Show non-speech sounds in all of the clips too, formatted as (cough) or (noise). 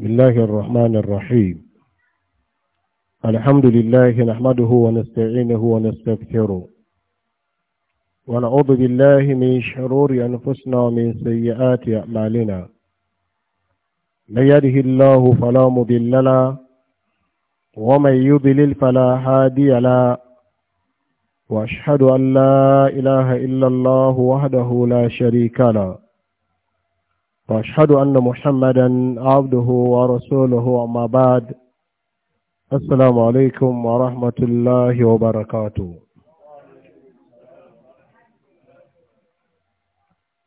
بسم الله الرحمن الرحيم الحمد لله نحمده ونستعينه ونستغفره ونعوذ بالله من شرور أنفسنا ومن سيئات أعمالنا من يده الله فلا مضل له ومن يضلل فلا هادي له وأشهد أن لا إله إلا الله وحده لا شريك له وأشهد أن محمدا عبده ورسوله أما بعد السلام عليكم ورحمة الله وبركاته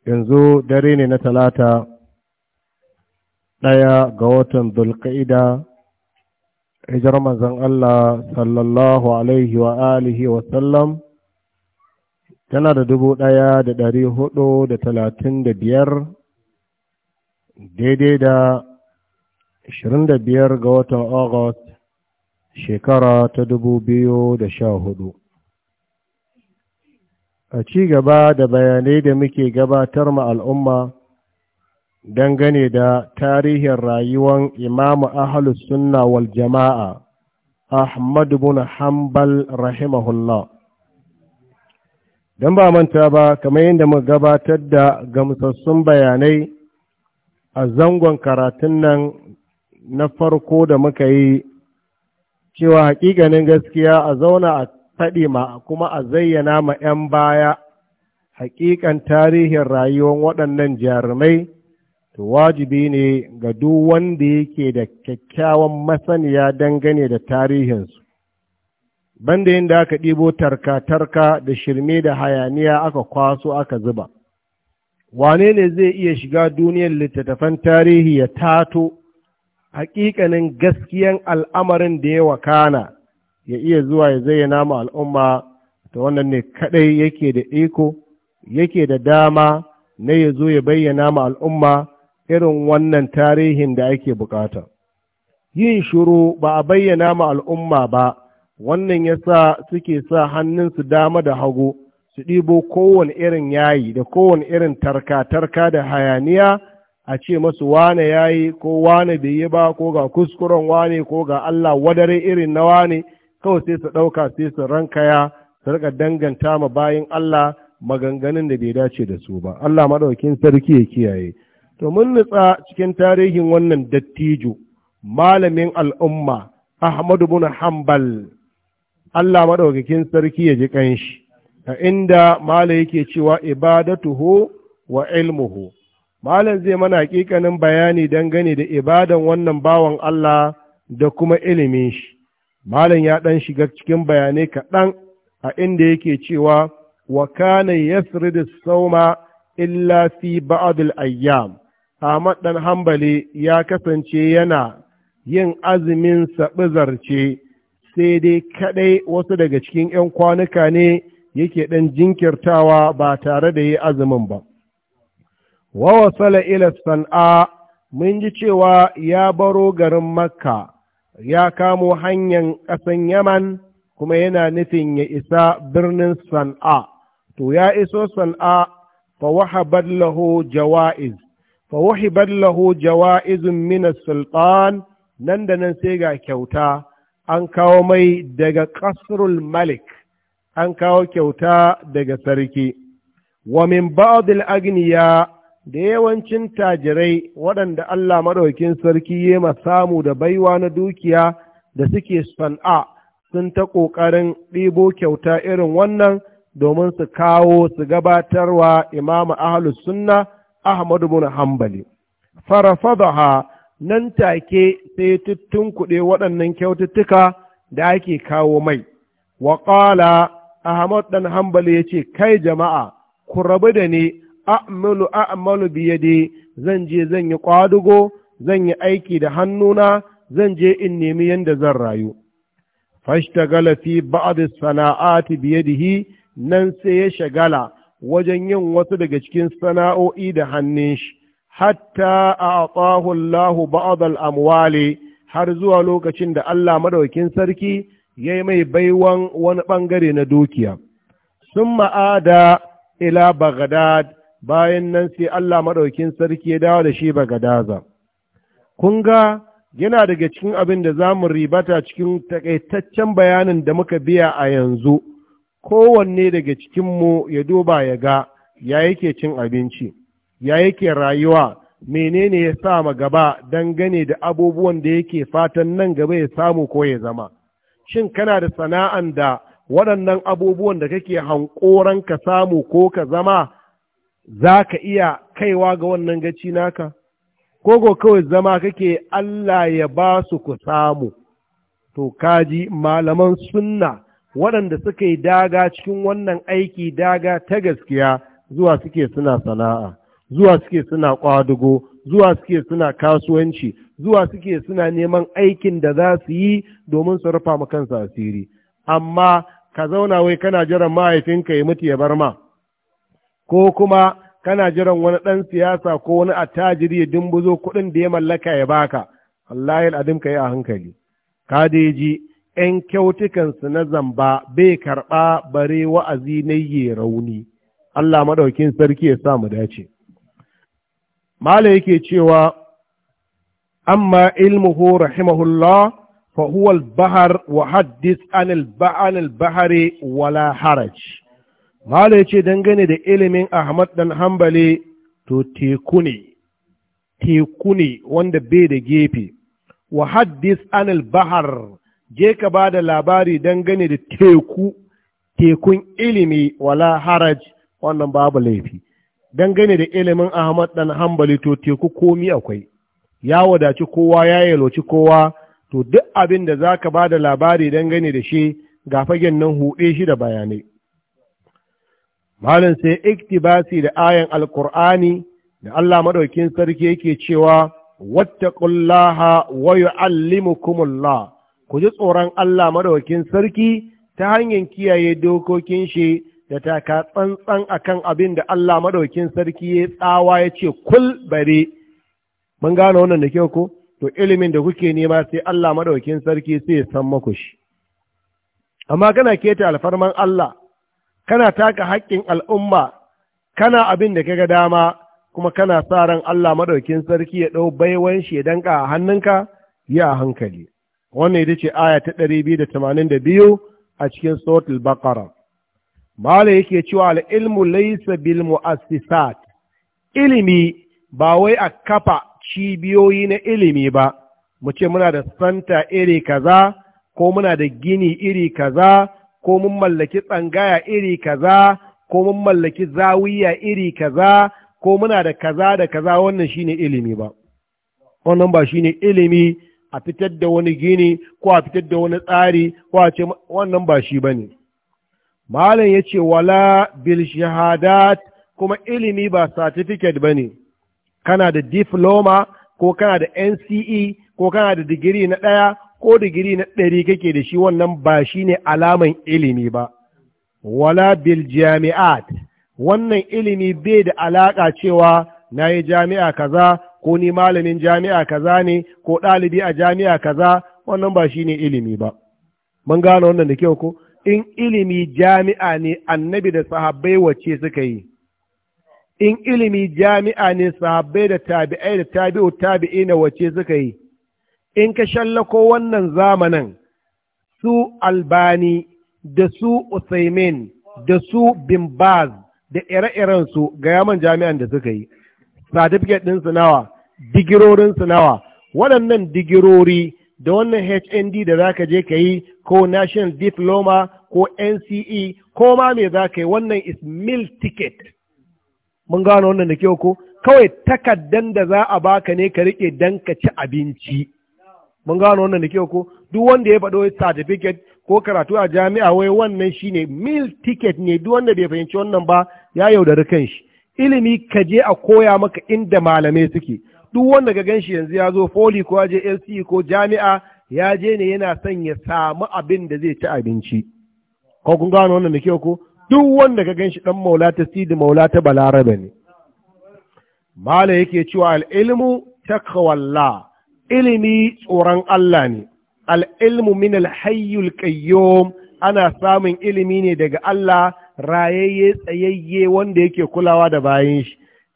yanzu dare ne na talata ɗaya ga watan dulƙa'ida hijar manzan Allah sallallahu tana da dubu ɗaya da ɗari hudu da talatin da biyar daidai da 25 ga watan August shekara ta 2014. A ci gaba da bayanai da muke gabatar ma al'umma dangane da tarihin rayuwar imamu ahalus sunna wal jama'a Ahmad bin Hanbal rahimahullah. Don ba manta ba kamar yadda mu gabatar da gamsassun bayanai a zangon karatun nan na farko da muka yi cewa hakikanin gaskiya a zauna a faɗi ma kuma a zayyana ma 'yan baya hakikan tarihin rayuwar waɗannan jarumai to wajibi ne ga duk wanda yake da kyakkyawan masaniya dangane da tarihinsu banda yin da aka ɗibo tarka-tarka da shirme da hayaniya aka kwaso aka zuba wane ne zai iya shiga duniyar littattafan tarihi ya tato hakikanin gaskiyan al'amarin da ya wakana ya iya zuwa ya zayyana ma al'umma ta wannan ne kadai yake da iko yake da dama na ya zo ya bayyana ma al'umma irin wannan tarihin da ake bukata yin shuru ba a bayyana ma al'umma ba wannan ya sa suke sa hannunsu dama da hagu su ɗibo kowane irin yayi da kowane irin tarka-tarka da hayaniya a ce masu wane yayi ko wane bai yi ba ko ga kuskuren wane ko ga Allah wadare irin na wane kawai sai su ɗauka sai su rankaya su rika danganta ma bayan Allah maganganun da bai dace da su ba Allah maɗaukin sarki ya kiyaye to mun nutsa cikin tarihin wannan dattijo malamin al'umma Ahmadu bin Hanbal Allah maɗaukakin sarki ya ji ƙanshi a inda Malam yake cewa ibadatuhu wa ilmuhu malam zai mana hakikanin bayani dangane da ibadan wannan bawan Allah da kuma ilimin shi malam ya dan shiga cikin bayanai kaɗan a inda yake cewa wa kana yasrid sauma illa fi ba'd al-ayyam Ahmad dan hambali ya kasance yana yin azumin sabizarce sai dai kadai wasu daga cikin 'yan kwanuka ne yake ɗan jinkirtawa ba tare da yi azumin ba. Wa wasala ila san'a mun ji cewa ya baro garin Makka ya kamo hanyar ƙasan Yaman kuma yana nufin ya isa birnin san'a. To ya iso san'a fa wahabar jawa'iz, fa jawa'izun mina sultan nan da nan sai ga kyauta an kawo mai daga ƙasrul malik an kawo kyauta daga sarki wa min agniya da yawancin tajirai waɗanda Allah maɗaukin sarki ya ma samu da baiwa na dukiya da suke san'a sun ta ƙoƙarin ɗibo kyauta irin wannan domin su kawo su gabatarwa imamu ahlus sunna Ahmadu bin Hambali. Farafadaha nan take sai kuɗe waɗannan kyaututtuka da ake kawo mai, wa ƙala Ahmad ɗan hambali ya ce, Kai jama'a, ku rabu da ni, a'malu a'malu biyade, zan je zan yi ƙwadugo, zan yi aiki da hannuna, zan je in nemi yadda zan rayu. Fashtagala fi ba'adu sana'ati biyadihi nan sai ya shagala wajen yin wasu daga cikin sana'o'i da hannun shi, hatta a Allahu ba'adal amwali har zuwa lokacin da Allah madaukin sarki ya yi mai baiwan wani ɓangare na dukiya sun ma'ada ila bagadad bayan nan sai Allah maɗaukin sarki ya dawo da shi bagadaza kun ga yana daga cikin abin da za mu ribata cikin takaitaccen bayanin da muka biya a yanzu kowanne daga cikinmu ya duba ya ga ya yake cin abinci ya yake rayuwa menene ya sa ma gaba dangane da abubuwan da yake fatan nan gaba ya samu ko ya zama shin kana da sana'an da waɗannan abubuwan da kake hankoran ka samu ko ka zama za ka iya kaiwa ga wannan gaci naka ko kawai zama kake Allah ya ba su ku samu to kaji malaman sunna waɗanda suka yi daga cikin wannan aiki daga ta gaskiya zuwa suke suna sana'a zuwa suke suna ƙwadugo zuwa suke suna kasuwanci zuwa suke suna neman aikin da za su yi domin su rufa ma kansu asiri amma ka zauna wai kana jiran mahaifinka ya mutu ya bar ma ko kuma kana jiran wani ɗan siyasa ko wani attajiri ya dumbuzo kuɗin da ya mallaka ya baka wallahi al'adun ka yi a hankali ka ji ‘yan kyautukansu na zamba bai karɓa bare wa'azi na yi rauni Allah maɗaukin sarki ya sa mu dace Mala yake cewa amma ilmuhu rahimahullah fa huwa al-bahr wa haddith wala haraj mala yace dangane da ilimin Ahmad dan Hanbali to teku ne teku ne wanda bai da gefe Wahaddis haddith bahar al je ka ba da labari dangane da teku tekun ilimi wala haraj wannan babu laifi dangane da ilimin Ahmad ɗan Hanbali to teku komi akwai ya wadaci kowa ya yaloci kowa to duk abin da za ka ba da labari don gani da shi ga fagen nan huɗe shi da bayanai malin sai iktibasi da ayan alkur'ani da Allah maɗaukin sarki yake cewa "Wata wattaqullaha wa yu'allimukumullah ku ji tsoron Allah maɗaukin sarki ta hanyar kiyaye dokokin shi da taka tsantsan akan abin da Allah maɗaukin sarki ya tsawa ya ce kul bare mun gane wannan da kyau ko to ilimin da kuke nema sai Allah madaukakin sarki sai ya san maku shi amma kana keta alfarman Allah kana taka haƙƙin al'umma kana abin da kaga dama kuma kana sa ran Allah madaukakin sarki ya dau baiwan shi ya danka a hannunka ya hankali wannan ita ce aya ta ɗari 282 a cikin sotul Bakara. Malam yake cewa al-ilmu laysa bil mu'assisat ilimi ba wai a kafa cibiyoyi na ilimi ba mu ce muna da santa iri kaza ko muna da gini iri kaza ko mun mallaki tsangaya iri kaza ko mun mallaki zawiya iri kaza ko muna da kaza da kaza wannan shine ilimi ba wannan ba shine ilimi a fitar da wani gini ko a fitar da wani tsari ko a ce wannan ba shi ba ne malam ya ce wala bil shahadat kuma ilimi ba certificate ne. kana da diploma ko kana da NCE ko kana da digiri na ɗaya ko digiri na ɗari kake da shi wannan ba shi ne alaman ilimi ba. Wala bil jami'at wannan ilimi bai da alaƙa cewa na yi jami'a kaza ko ni malamin jami'a kaza ne ko ɗalibi a jami'a kaza wannan ba shi ne ilimi ba. Mun gano wannan da kyau ko? In ilimi jami'a ne annabi da sahabbai wacce suka yi. in ilimi jami'a ne sahabbai da tabi'ai da tabi'u tabi'i na wace suka yi in ka shallako wannan zamanin su albani da su usaimin da su bimbaz da ire-iren su ga yaman jami'an da suka yi certificate ɗinsu nawa su nawa waɗannan digirori da wannan hnd da za ka je ka yi ko national diploma ko nce ko ma me za ka yi wannan is mil ticket mun gano wannan da kyau ko kawai takaddan da za a baka ne ka rike dan ka ci abinci mun gano wannan da kyau ko duk wanda ya faɗo certificate ko karatu a jami'a wai wannan shine meal ticket ne duk wanda bai fahimci wannan ba ya yaudari kan shi ilimi ka je a koya maka inda malamai suke duk wanda ka gan shi yanzu ya zo foli ko ya je LC ko jami'a ya je ne yana son ya samu abin da zai ci abinci ko kun gano wannan da kyau ko duk wanda ka gan shi ɗan maula ta sidi maula ta balarabe ne mala yake cewa al'ilmu takwalla ilimi tsoron Allah ne al'ilmu min alhayyul qayyum ana samun ilimi ne daga Allah rayayye tsayayye wanda yake kulawa da bayan shi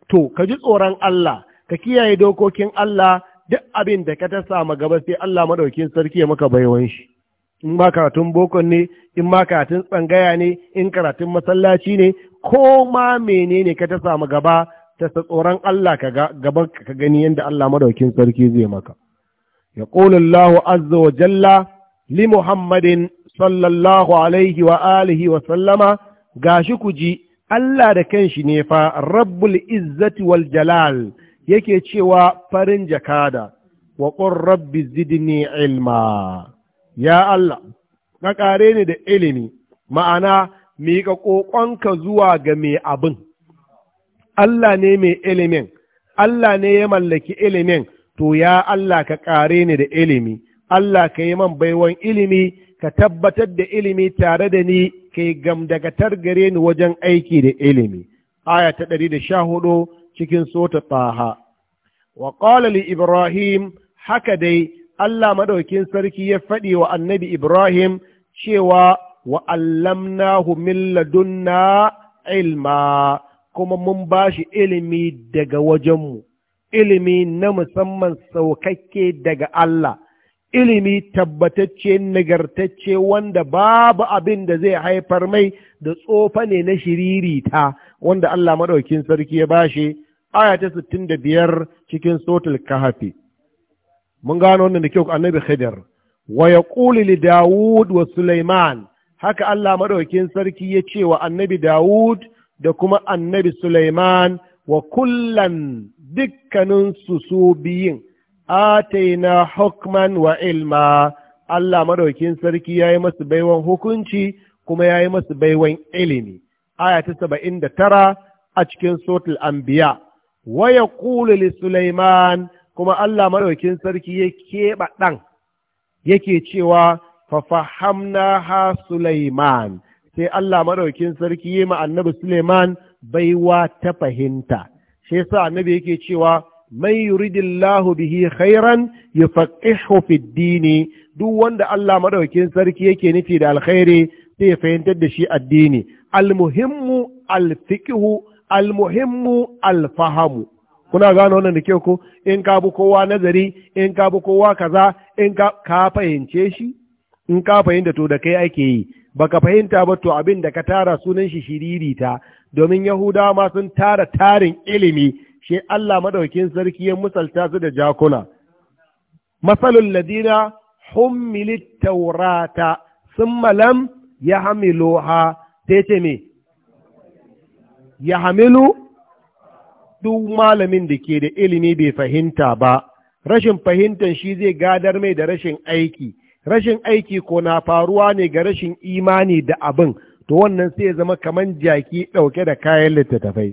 to ka ji tsoron Allah ka kiyaye dokokin Allah duk abin da ka ta samu gaba sai Allah maɗaukin sarki ya maka baiwan shi in ma karatun boko ne in ma karatun tsangaya ne in karatun masallaci ne ko ma menene ka ta samu gaba ta tsoron Allah ka gaba ka gani yadda Allah madaukin sarki zai maka ya Allahu azza wa jalla li Muhammadin sallallahu alaihi wa alihi wa sallama gashi ku ji Allah da kanshi ne fa rabbul izzati wal jalal yake cewa farin jakada wa qur rabbi zidni ilma ya Allah, ka ƙare ni da ilimi, ma'ana, miƙa ƙoƙonka zuwa ga mai abin. Allah ne mai ilimin, Allah ne ya mallaki ilimin, to ya Allah ka ƙare ni da ilimi, Allah ka yi man baiwan ilimi, ka tabbatar da ilimi tare da ni, ka yi gamdagatar gare ni wajen aiki da ilimi. Aya ta ɗari da sha hudu cikin sota ha. Wa li Ibrahim haka dai Allah maɗaukin sarki ya faɗi wa annabi Ibrahim cewa wa allamnahu min ladunna ilma kuma mun ba shi ilimi daga wajenmu ilimi na musamman saukakke daga Allah ilimi tabbatacce nagartacce wanda babu abin da zai haifar mai da tsofa ne na shiririta wanda Allah maɗaukin sarki ya ba shi, aya ta biyar cikin sotul kahafi mun gano wannan da kyau annabi khidir wa kulili li daud wa sulaiman haka Allah maɗaukin sarki ya ce wa annabi Dawud, da kuma annabi sulaiman wa kullan dukkanin su su biyin ataina hukman wa ilma Allah maɗaukin sarki yayi masu baiwan hukunci kuma yayi masu baiwan ilimi aya ta saba'in da tara a cikin sotul Ambiya. wa yaqulu li sulaiman kuma Allah maɗaukin sarki ya keɓa ɗan yake cewa fafahamna ha Suleiman sai Allah maɗaukin sarki yi annabi Suleiman baiwa ta fahimta shi sa annabi yake cewa mai yuridillahu bihi khairan yufaqihu fid dini duk wanda Allah maɗaukin sarki yake nufi da alkhairi sai ya fahimtar da shi addini almuhimmu alfiqhu almuhimmu alfahamu kuna gano wannan da kyau ko in ka bi kowa nazari in ka bi kowa kaza in ka fahimce shi in ka fahimta to da kai ake yi baka fahimta ba to abin da ka tara sunan shi shiriri ta, domin yahudawa ma sun tara tarin ilimi shi Allah madaukin sarki ya musalta su da jakuna masalul ladina humilit taurata summa lam yahmiluha sai me yahmilu duk malamin da ke da ilimi bai fahimta ba rashin fahimtar shi zai gadar mai da rashin aiki rashin aiki ko na faruwa ne ga rashin imani da abin to wannan sai zama kaman jaki ɗauke da kayan littattafai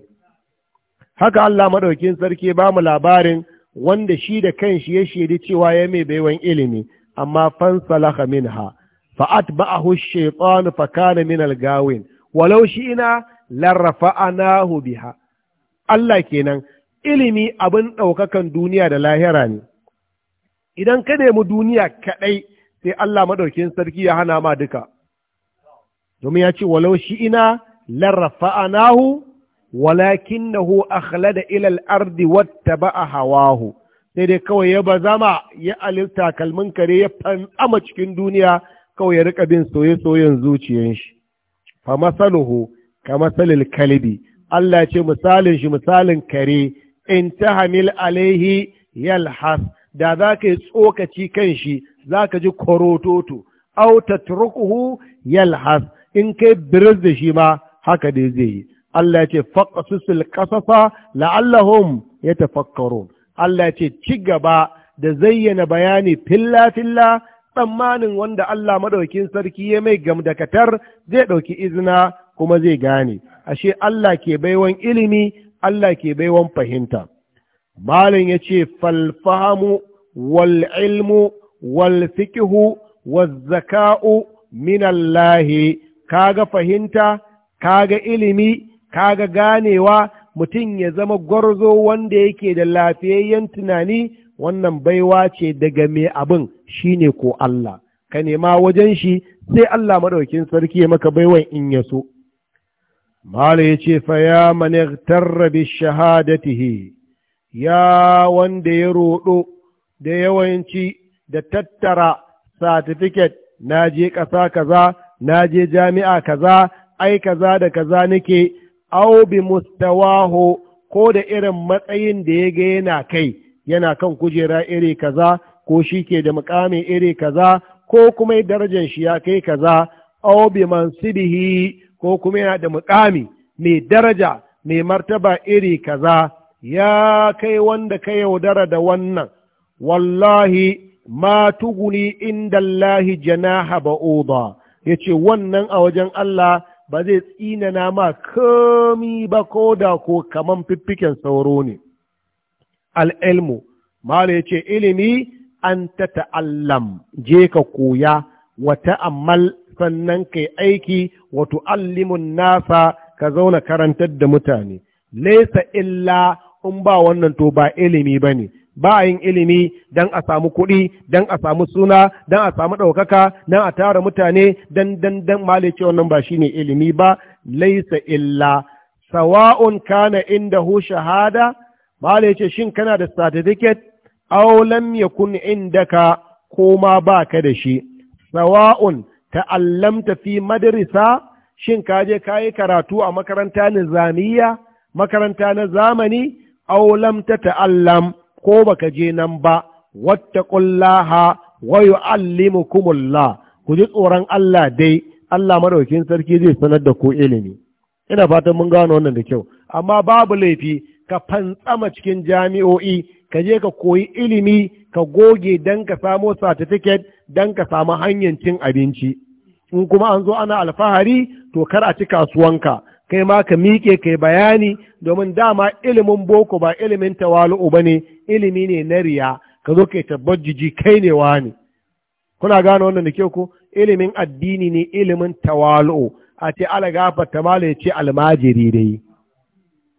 haka Allah maɗaukin sarki ba mu labarin wanda shi da kan kanshi ya shaidi cewa ya mai baiwan ilimi amma min minha fa'at ba'ahu shaytan fa kana min al-gawin walau shi'na larrafa'nahu biha Allah kenan ilimi abin ɗaukakan duniya da lahira ne idan ka nemi duniya kaɗai sai Allah maɗaukin sarki ya hana ma duka domin ya ce walau shi ina larrafa'anahu walakinahu akhlada da ilal ardi ba a hawahu sai dai kawai ya zama ya alilta kalmin kare ya fantsama cikin duniya kawai ya rika bin soye-soyen zuciyar shi fa masaluhu ka masalil kalbi Allah ce misalin shi misalin kare in ta hamil alaihi yalhas da za ka yi tsokaci kan shi za ka ji korototo au tatrukuhu yalhas in kai biris da shi ma haka dai zai yi Allah ya ce faqasusul qasasa la'allahum yatafakkarun Allah ya ce ci gaba da zayyana bayani filla filla tsammanin wanda Allah madaukin sarki ya mai gamdakatar zai ɗauki izina kuma zai gane ashe Allah ke baiwan ilimi Allah ke baiwan fahimta malin ya ce falfahamu wal ilmu wal fikihu wal zaka'u min kaga fahimta kaga ilimi kaga ganewa mutum ya zama gwarzo wanda yake da lafiyayyen tunani wannan baiwa ce daga mai abin shine ko Allah ka nema wajen shi sai Allah maɗaukin sarki ya maka baiwan in ya so mala ya ce fa ya mani tarrabi shahadatihi ya wanda ya roɗo da yawanci da tattara satifiket na je ƙasa kaza na je jami'a kaza ai kaza da kaza nake au bi mustawaho ko da irin matsayin da ya ga yana kai yana kan kujera iri kaza ko shi ke da mukamin iri kaza ko kuma darajar shi ya kai kaza au bi mansibihi ko kuma yana da mukami mai daraja mai martaba iri kaza ya kai wanda ka yaudara da wannan wallahi ma tuguni inda Allahi janaha ba'uda ya ce wannan a wajen Allah ba zai tsinana ma komi ba ko da ko kaman fiffiken sauro ne al'ilmu mala ya ce ilimi an ta ta'allam je ka koya wata amal sannan ka yi aiki wa tu'allimun nasa ka zauna karantar da mutane laisa illa in ba wannan to ba ilimi ba ne. ba yin ilimi don a samu kuɗi don a samu suna don a samu ɗaukaka don a tara mutane don dan dan malice wannan ba shi ne ilimi ba laisa illa sawa'un kana inda hu shahada malice shin kana da certificate ya kun inda indaka koma ba ka da shi sawa'un ta'allamta fi madarisa shin ka je ka yi karatu a makaranta nizamiya makaranta na zamani aw lam ta ta'allam ko baka je nan ba wattaqullaha wa yu'allimukumullah ku ji tsoron Allah dai Allah madaukin sarki zai sanar da ku ilimi ina fatan mun gano wannan da kyau amma babu laifi ka fantsama cikin jami'o'i ka je ka koyi ilimi ka goge dan ka samo certificate don ka samu hanyar cin abinci in kuma an zo ana alfahari to kar a ci kasuwanka kai ma ka miƙe kai bayani domin dama ilimin boko ba ilimin tawalu'u ba ne ilimi ne na riya ka zo kai tabbat jiji kai ne wani kuna gane wannan da ke ku ilimin addini ne ilimin tawalu'u a ce ala gafarta mala ya ce almajiri dai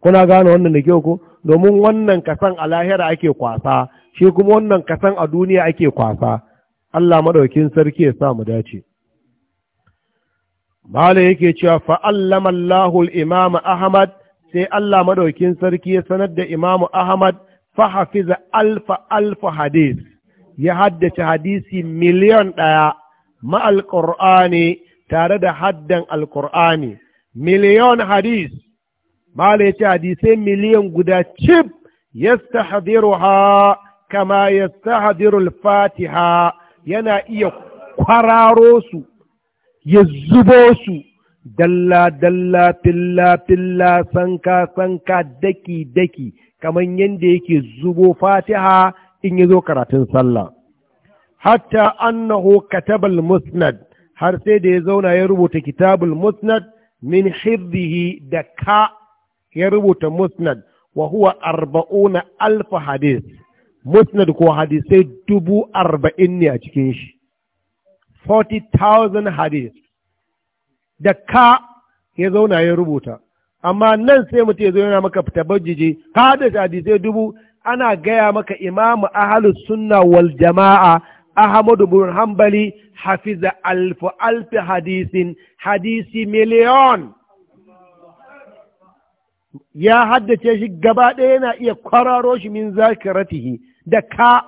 kuna gane wannan da ke ku domin wannan kasan a lahira ake kwasa shi kuma wannan kasan a duniya ake kwasa Allah madaukin sarki ya sa mu dace Mala yake cewa fa'allama Allahul Imam Ahmad sai Allah madaukin sarki ya sanar da Imam Ahmad fa hafiza alfa alfa hadis ya haddace hadisi miliyan ɗaya ma'al ƙur'ani tare da haddan alƙur'ani miliyan hadis Mala ya ce hadisai miliyan guda cif yastahdiruha kama yastahdirul fatiha yana iya kwararo su ya zubo su dalla dalla filla filla sanka sanka daki daki kamar yadda yake zubo fatiha in ya zo karatun sallah hatta annahu katabal musnad har sai da ya zauna ya rubuta kitabul musnad min hirrihi da ka ya rubuta musnad wa huwa arba'una alfa hadis musnad ko hadisai dubu arba'in ne a cikin shi 40,000 hadis da ka ya zauna ya rubuta amma nan sai mutum ya zauna maka fita bajiji, hadasa hadisai dubu ana gaya maka imamu ahalu sunna wal jama'a ahmadu burin hambali hafiza alfu alfi hadisin hadisi miliyon ya haddace shi gaba ɗaya yana iya kwararo shi min zakiratihi da ka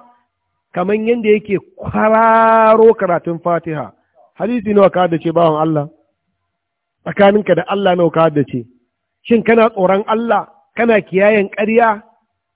kamar yadda yake kwararo karatun fatiha hadisi nawa ka ce bawan Allah tsakaninka da Allah nawa ka ce? shin kana tsoron Allah kana kiyayen ƙarya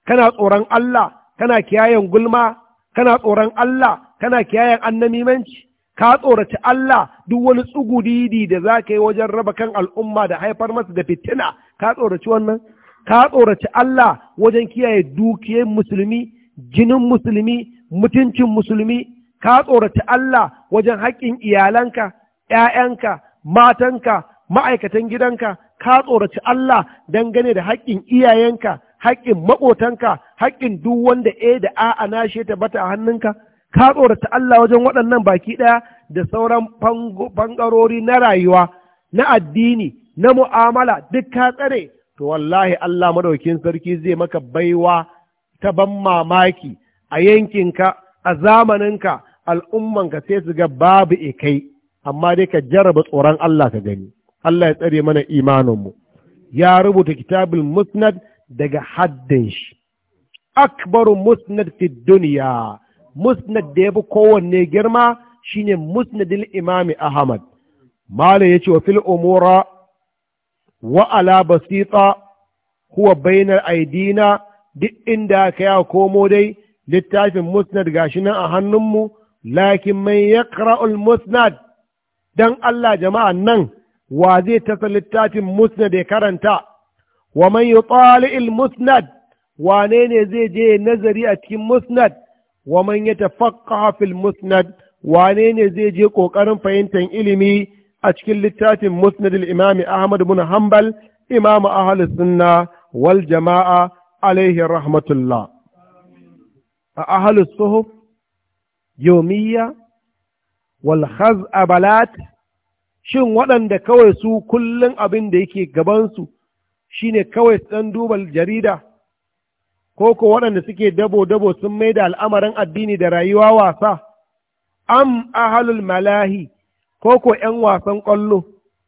kana tsoron Allah kana kiyayen gulma kana tsoron Allah kana kiyayen annamimanci ka tsoraci Allah duk wani tsugudidi da za ka yi wajen raba kan al'umma da haifar masa da fitina ka tsoraci wannan ka tsoraci Allah wajen kiyaye dukiyar musulmi jinin musulmi mutuncin musulmi ka tsorata Allah wajen haƙƙin iyalanka ‘ya'yanka matanka ma'aikatan gidanka ka tsoraci Allah dangane da haƙƙin iyayenka haƙƙin maƙotanka haƙƙin duk wanda e da a a nashe ta bata a hannunka ka tsorata Allah wajen waɗannan baki ɗaya da sauran bangarori na rayuwa na addini na mu'amala duk ka tsare to wallahi Allah madaukin sarki zai maka baiwa ta ban mamaki a yankinka a zamaninka al'ummanka sai su ga babu ikai amma dai ka jarraba tsoron Allah ka gani Allah ya tsare mana imaninmu ya rubuta kitabin musnad daga haddin shi akbaru musnad fi duniya musnad da ya fi kowanne girma shine Musnadin imami ahmad malam ya ce wa fil umura wa ala basita huwa bainar aidina duk inda aka ya komo dai littafin musnad gashi nan a hannunmu lakin mai ya musnad don Allah jama'a nan wa zai tasa littafin musnad ya karanta wa man yi tsali'il musnad wane ne zai je nazari a cikin musnad wa man ya tafakka musnad wane ne zai je ƙoƙarin fahimtar ilimi a cikin littafin musnad imami ahmad bin hanbal imamu ahlus sunna wal jama'a alaihi rahmatullah a ahalus suhuf yomiya a khaz'abalat shin waɗanda kawai su kullum abin da yake gabansu shine kawai ɗan duba jarida ko waɗanda suke dabo-dabo sun mai da al'amarin addini da rayuwa wasa am ahalul malahi ko ko ‘yan wasan kwallo,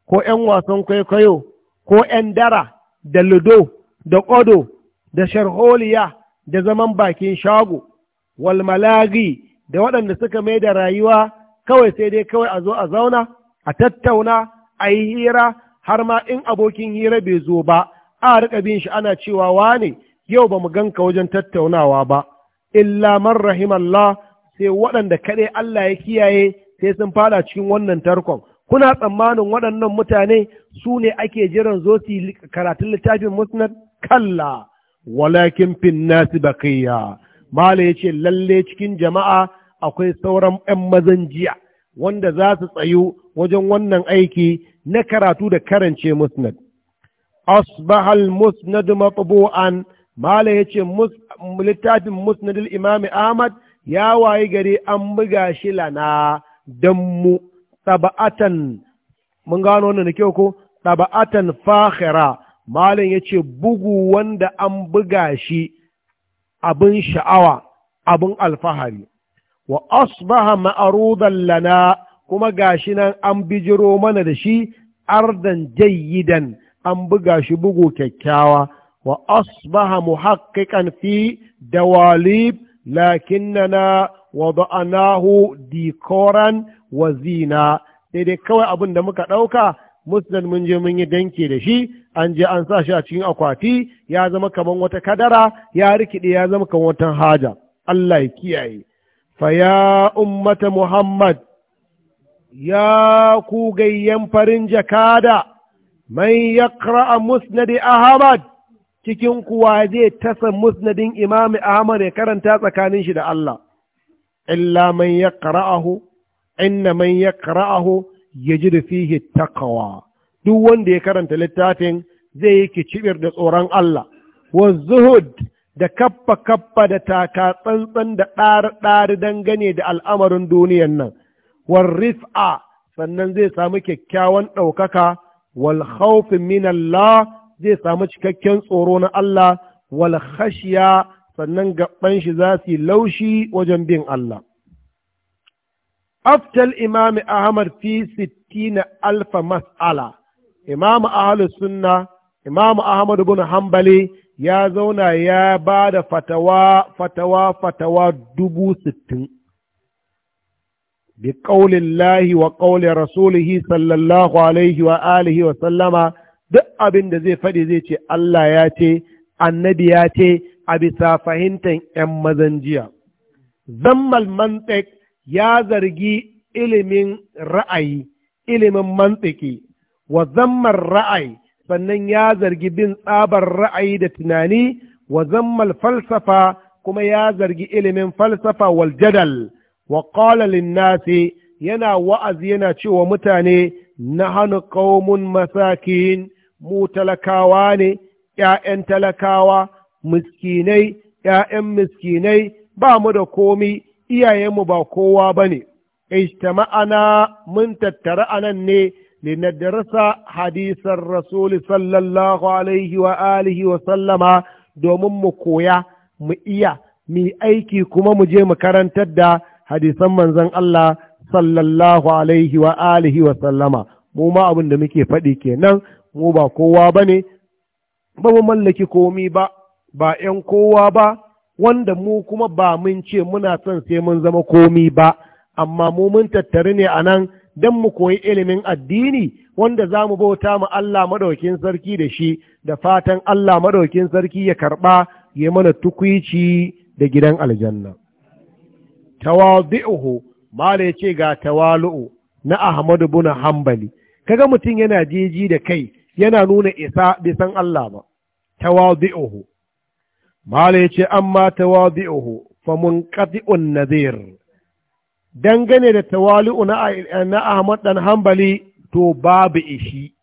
ko ‘yan wasan kwaikwayo ko ‘yan dara da ludo da ƙodo da sharholiya da zaman bakin shago wal da waɗanda suka mai da rayuwa kawai sai dai kawai a zo a zauna a tattauna a yi hira har ma in abokin hira bai zo ba a riƙa bin shi ana cewa wane yau ba mu ganka wajen tattaunawa ba illa man rahimallah sai waɗanda kaɗai Allah ya kiyaye sai sun fada cikin wannan tarkon kuna tsammanin waɗannan mutane su ne ake jiran zo su karatun littafin musnad kalla walakin fin nasi baqiya mala yace lalle cikin jama'a akwai sauran 'yan mazan jiya wanda za su tsayu wajen wannan aiki na karatu da karance musnad asbahal musnad matbu'an mala yace littafin musnad imami imam ahmad ya wayi gari an buga shi lana dan mu mun gano wannan da kyau ko taba'atan fakhira malam ya ce bugu wanda an buga shi abin sha'awa abin alfahari wa asbaha ma'arudan lana kuma gashi nan an bijiro mana da shi ardan jayyidan an buga shi bugu kyakkyawa wa asbaha muhaqqiqan fi dawalib lakinnana wada'anahu dikoran wa zina sai dai kawai abin da muka ɗauka muslim mun je mun yi danke da shi an je an sa shi a cikin akwati ya zama kaman wata kadara ya rikide ya zama kaman wata haja Allah ya kiyaye fa ya ummata muhammad ya ku gayyan farin jakada man yaqra musnad ahmad cikin kuwa zai tasa musnadin Imami ahmad ya karanta tsakanin shi da Allah illa man yaqra'ahu inna man yaqra'ahu yajid fihi taqwa duk wanda ya karanta littafin zai yi kicibir da tsoron Allah wa zuhud da kappa kappa da taka tsantsan da ɗari ɗari dangane da al'amarin duniyan nan Wa rif'a sannan zai samu kyakkyawan ɗaukaka wal haufin min Allah zai samu cikakken tsoro na Allah wal khashiya sannan gaban shi za su yi laushi wajen bin Allah aftal imami Ahmad fi sittina alfa mas'ala imamu ahlus sunna imamu ahmad bin hanbali ya zauna ya ba da fatawa fatawa fatawa dubu sittin bi ƙaulillahi wa ƙaulin rasulihi sallallahu alaihi wa alihi wa sallama duk abin da zai faɗi zai ce Allah ya ce annabi ya ce a bisa fahimtar ‘yan mazan jiya. Zammal mantik ya zargi ilimin ra'ayi, ilimin mantiki, wa zammar ra'ayi sannan ya zargi bin tsabar ra'ayi da tunani wa zammar falsafa kuma ya zargi ilimin falsafa wal jadal wa qala yana wa'azi yana cewa mutane hannu kaumun masakin mu talakawa ne ‘ya'yan talakawa miskinai ‘ya'yan miskinai ba mu da komi iyayenmu ba kowa ba ne, ma'ana mun tattara anan ne لندرس حديث الرسول صلى الله عليه وآله وسلم domin mu koya mu iya mu aiki kuma mu je mu karantar da hadisan manzon Allah sallallahu alaihi wa alihi wa sallama mu ma abin da muke faɗi kenan mu ba kowa ba ne ba mu mallaki komi ba ba ‘yan kowa ba wanda mu kuma ba mun ce muna son sai mun zama komi ba amma mu mun tattari ne a nan don mu koyi ilimin addini wanda za mu bauta mu Allah maɗaukin sarki da shi da fatan Allah maɗaukin sarki ya karɓa ya mana tukwici da gidan aljanna. Tawazi'uhu mala ce ga tawalu'u na Ahmadu Buna Hambali, kaga mutum yana jeji da kai yana nuna isa bisan Allah ba, tawazi'uhu. Mala ce amma tawazi'uhu fa mun nazir. dangane da tawali'u na Ahmad dan hambali to babu ishi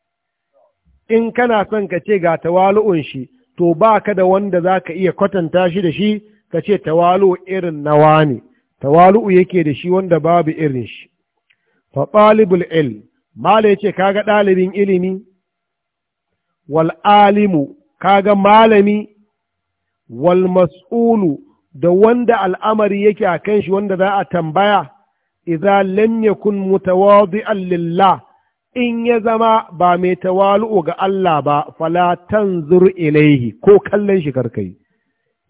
in kana son ka ce ga tawali'un shi to ba ka da wanda za ka iya kwatanta shi da shi ka ce tawali'u irin nawa ne tawali'u yake da shi wanda babu irin shi fa ɗalibul ilm mala ya ce kaga ɗalibin ilimi wal alimu kaga malami wal mas'ulu da wanda al'amari yake a kan shi wanda za a tambaya idza lam yakun mutawadi'an lillah in ya zama ba mai tawalu'u ga Allah ba fala tanzur ilaihi ko kallon shi karkai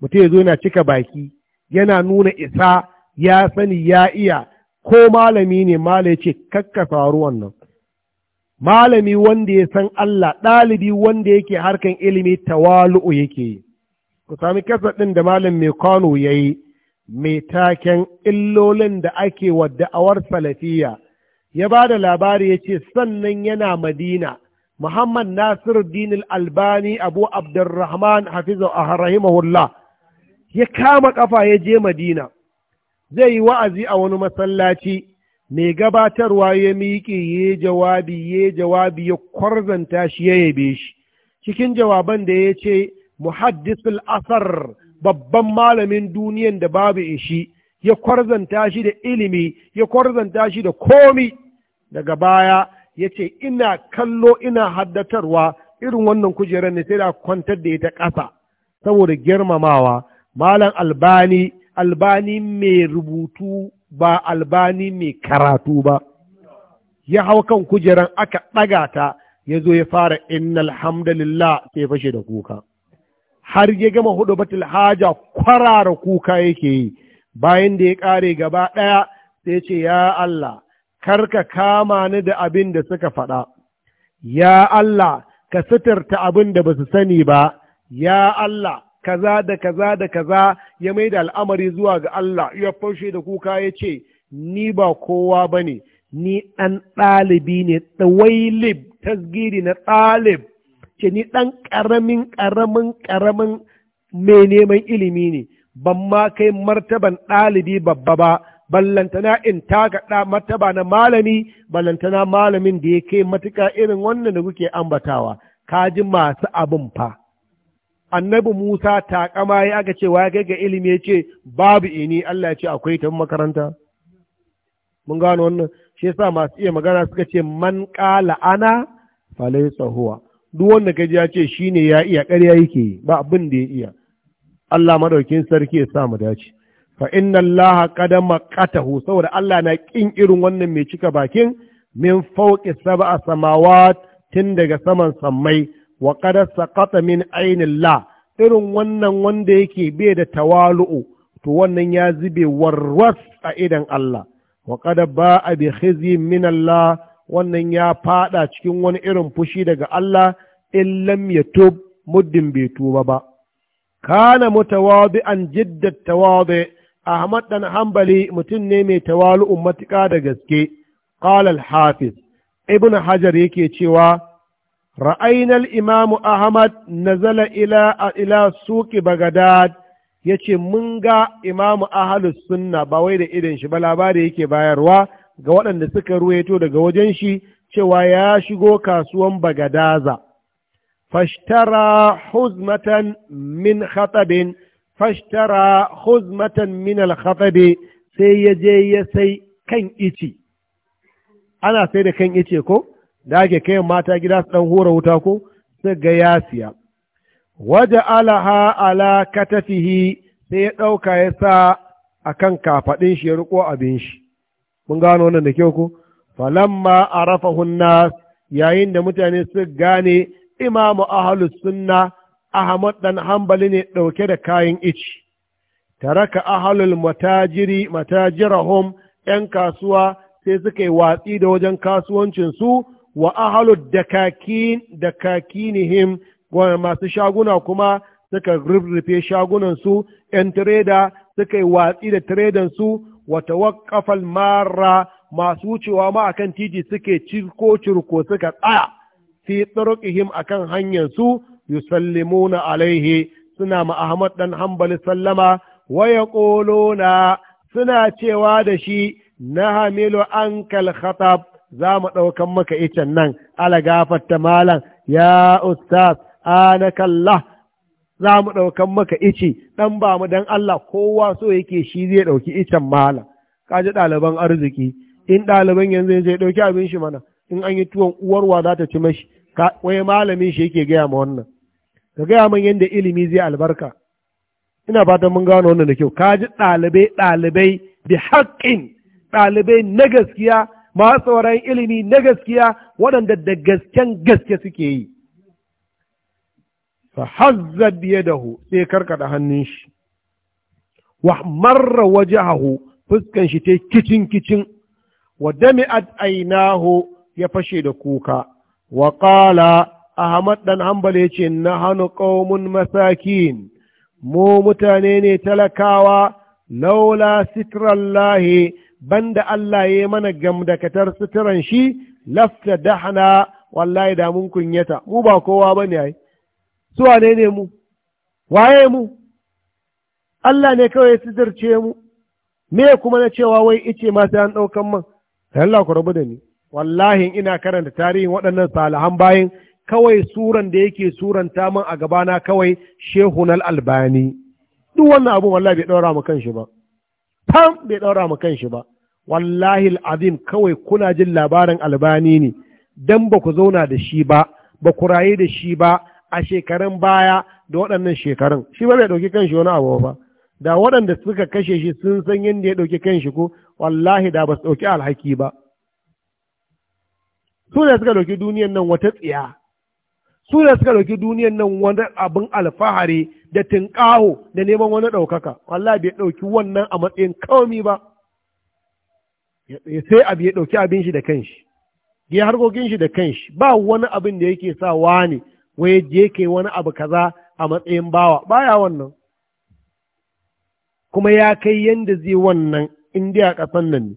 mutum ya zo yana cika baki yana nuna isa ya sani ya iya ko malami ne malai ce kakka faru wannan malami wanda ya san Allah ɗalibi wanda yake harkan ilimi tawalu'u yake yi ku sami kasa ɗin da malam mai kwano ya yi mai taken illolin da ake wa da'awar salafiya ya ba da labari ya ce sannan yana madina muhammad nasir dinil albani abu abdurrahman hafizu a rahimahullah ya kama kafa ya je madina zai yi wa'azi a wani masallaci mai gabatarwa ya miƙe ya jawabi ya jawabi ya kwarzanta shi ya yabe shi cikin jawaban da ya ce muhaddisul asar babban malamin duniyan da babu ishi ya kwarzanta shi da ilimi ya kwarzanta shi da komi daga baya ya ce ina kallo ina haddatarwa irin wannan kujerar ne sai da kwantar da ita ƙasa saboda girmamawa malam albani albani mai rubutu ba albani mai karatu ba ya hau kan kujerar aka ɗaga ta ya zo ya fara innal alhamdulillah sai fashe da kuka har ya gama hudu batul haja kwarara kuka yake yi bayan da ya ƙare gaba ɗaya sai ce ya Allah karka kama ni da abin da suka faɗa ya Allah ka suturta abin da ba su sani ba ya Allah kaza da kaza da kaza ya mai da al'amari zuwa ga Allah ya fashe da kuka ya ce ni ba kowa ba ni ɗan ɗalibi ne Tsawailib, tasgiri na ɗalib ce ni ɗan ƙaramin ƙaramin ƙaramin mai neman ilimi ne ban ma kai martaban ɗalibi babba ba ballantana in taka ɗa martaba na malami ballantana malamin da ya kai matuka irin wannan da kuke ambatawa ka ji masu abin fa annabi Musa taƙama ya aka cewa ya kai ga ilimi ya ce babu ini Allah ya ce akwai ta makaranta mun gano wannan shi yasa masu iya magana suka ce man ƙala ana falai duk wanda kaji ya ce shi ne ya iya ƙarya yake yi ba abin da ya iya Allah madaukin sarki ya sa mu dace fa inna Allah qad maqatahu saboda Allah na kin irin wannan mai cika bakin min fawqi sab'a samawat tun daga saman sammai wa qad saqata min la, irin wannan wanda yake bai da tawalu'u to wannan ya zube warwas a idan Allah wa ba a bi khizyin min Allah wannan ya fada cikin wani irin fushi daga Allah in lam tub muddin bai tuba ba kana mutawadi'an jidda tawadi Ahmad dan Hanbali mutum ne mai tawalu'un matuƙa da gaske qala al-hafiz ibn Hajar yake cewa ra'ainal imamu Ahmad nazala ila ila suqi Bagdad yace mun ga imamu ahlus sunna ba wai da irin shi ba labari yake bayarwa ga waɗanda suka ruwaito daga wajen shi cewa ya shigo kasuwan bagadaza fashtara huzmatan min khatabin fashtara huzmatan min alkhatabe sai ya je ya sai kan ici ana sai da kan ice ko da ake kai mata gida su ɗan hura wuta ko sai ga ya siya waje alaha ala katafihi sai ya ɗauka ya sa a kan kafaɗin shi ya riko abin shi mun gano wannan da kyau ko falamma arafahu nas yayin da mutane su gane imamu ahlus sunna ahmad dan hanbali ne dauke da kayan ici taraka ahlul matajiri matajirahum yan kasuwa sai suka yi watsi da wajen kasuwancin su wa ahlud dakakin dakakinihim masu shaguna kuma suka rufe shagunan su yan tireda suka yi watsi da tiredan su Wata tawaqqafa mara masu wucewa ma akan titi suke cirko cirko suka tsaya fi turuqihim akan hanyar su yusallimuna alaihi suna ma Ahmad dan Hanbali sallama wa na suna cewa da shi na hamilu ankal khatab za mu ɗaukan maka icen nan ala gafarta malam ya ustaz anakallah za mu ɗaukan maka ice ɗan ba mu dan Allah kowa so yake shi zai ɗauki icen mala. ka ji ɗaliban arziki in ɗaliban yanzu zai ɗauki abin shi mana in an yi tuwon uwarwa za ta ci mashi wai malamin shi yake gaya ma wannan ka gaya man yadda ilimi zai albarka ina fatan mun gano wannan da kyau ka ji ɗalibai ɗalibai bi haƙƙin ɗalibai na gaskiya masu tsoron ilimi na gaskiya waɗanda da gasken gaske suke yi fa hazza biyadahu sai karkada hannun shi wa marra wajahu fuskan shi ta kicin kicin wa dami'at ainahu ya fashe da kuka wa qala ahmad dan hanbal yace na hanu qaumun masakin mu mutane ne talakawa laula sitrallahi banda Allah ya mana gamdakatar sitran shi lafta dahna wallahi da mun kunyata mu ba kowa bane ai su wanene ne mu waye mu Allah ne kawai sidirce mu me kuma na cewa wai ice ma sai an ɗaukan man sai Allah ku rabu da ni wallahi ina karanta tarihin waɗannan salahan bayan kawai suran da yake suranta min a gabana kawai na albani duk wannan abin wallahi bai ɗaura mu shi ba tam bai ɗaura mu shi ba wallahi azim kawai kuna jin labarin albani ne dan ba ku zauna da shi ba ba ku raye da shi ba a shekarun baya da waɗannan shekarun shi ba zai ɗauki kanshi wani abu ba da waɗanda suka kashe shi sun san yadda ya ɗauki kanshi ko wallahi da ba su ɗauki alhaki ba su ne suka ɗauki duniyan nan wata tsiya su ne suka ɗauki duniyan nan wani abin alfahari da tunƙaho da neman wani ɗaukaka wallahi bai ɗauki wannan a matsayin kawami ba sai abu ya ɗauki abin shi da kanshi ya harkokin shi da kanshi ba wani abin da yake sa wani wai je ke wani abu kaza a matsayin bawa baya wannan kuma ya kai yanda zai wannan indiya kasan nan ne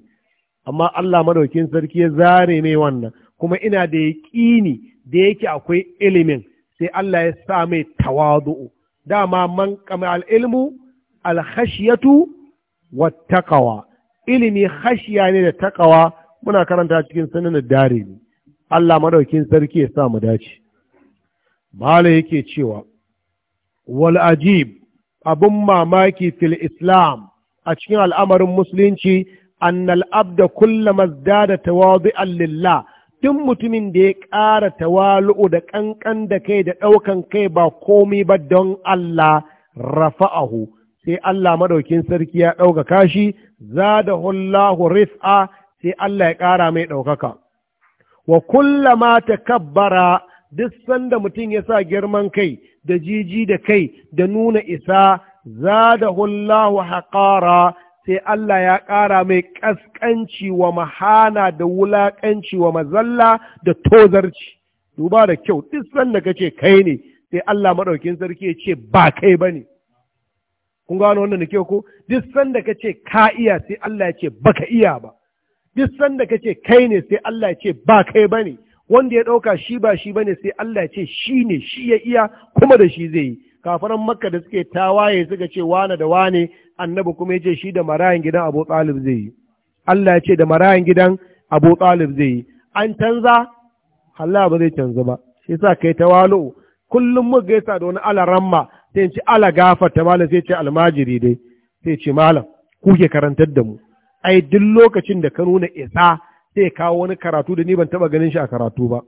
amma Allah madaukin sarki ya zare mai wannan kuma ina da yaƙini da yake akwai ilimin sai Allah ya sa mai tawadu'u dama man kama al'ilmu alhashiyatu wa takawa. ilimi hashiya ne da takawa muna karanta cikin sanin dare ne Allah madaukin sarki ya sa mu dace Bala yake cewa, wal ajib abin mamaki fil Islam a cikin al'amarin Musulunci, annal abda kulla mazda da tawazi lillah duk mutumin da ya ƙara tawalu'u da ƙanƙan da kai da ɗaukan kai ba komi ba don Allah rafa'ahu sai Allah maɗaukin sarki ya ɗaukaka shi, za da hullahu rif'a sai Allah ya ƙara mai ɗaukaka. Wa kulla ma takabbara duk sanda mutum ya sa girman kai da jiji da kai da nuna isa za da hullahu haƙara sai Allah ya ƙara mai ƙasƙanci wa mahana da wulaƙanci wa mazalla da tozarci duba da kyau duk sanda ka ce kai ne sai Allah maɗaukin sarki ya ce ba kai ba ne kun gano wannan da kyau ko duk sanda ka ce ka iya sai Allah ya ce ba ka iya ba duk sanda ka ce kai ne sai Allah ya ce ba kai ba ne wanda ya ɗauka shi ba shi ba ne sai Allah ya ce shi ne shi ya iya kuma da shi zai yi kafaran makka da suke tawaye suka ce wane da wane annabi kuma ya ce shi da marayan gidan abu ɗalib zai yi Allah ya ce da marayan gidan abu ɗalib zai yi an canza Allah ba zai canza ba shi sa kai walo? kullum mu gaisa da wani ramma sai in ce ala gafarta malam sai ce almajiri dai sai ce malam ku ke karantar da mu ai duk lokacin da ka nuna isa sai kawo wani karatu da ni ban taba ganin shi a karatu ba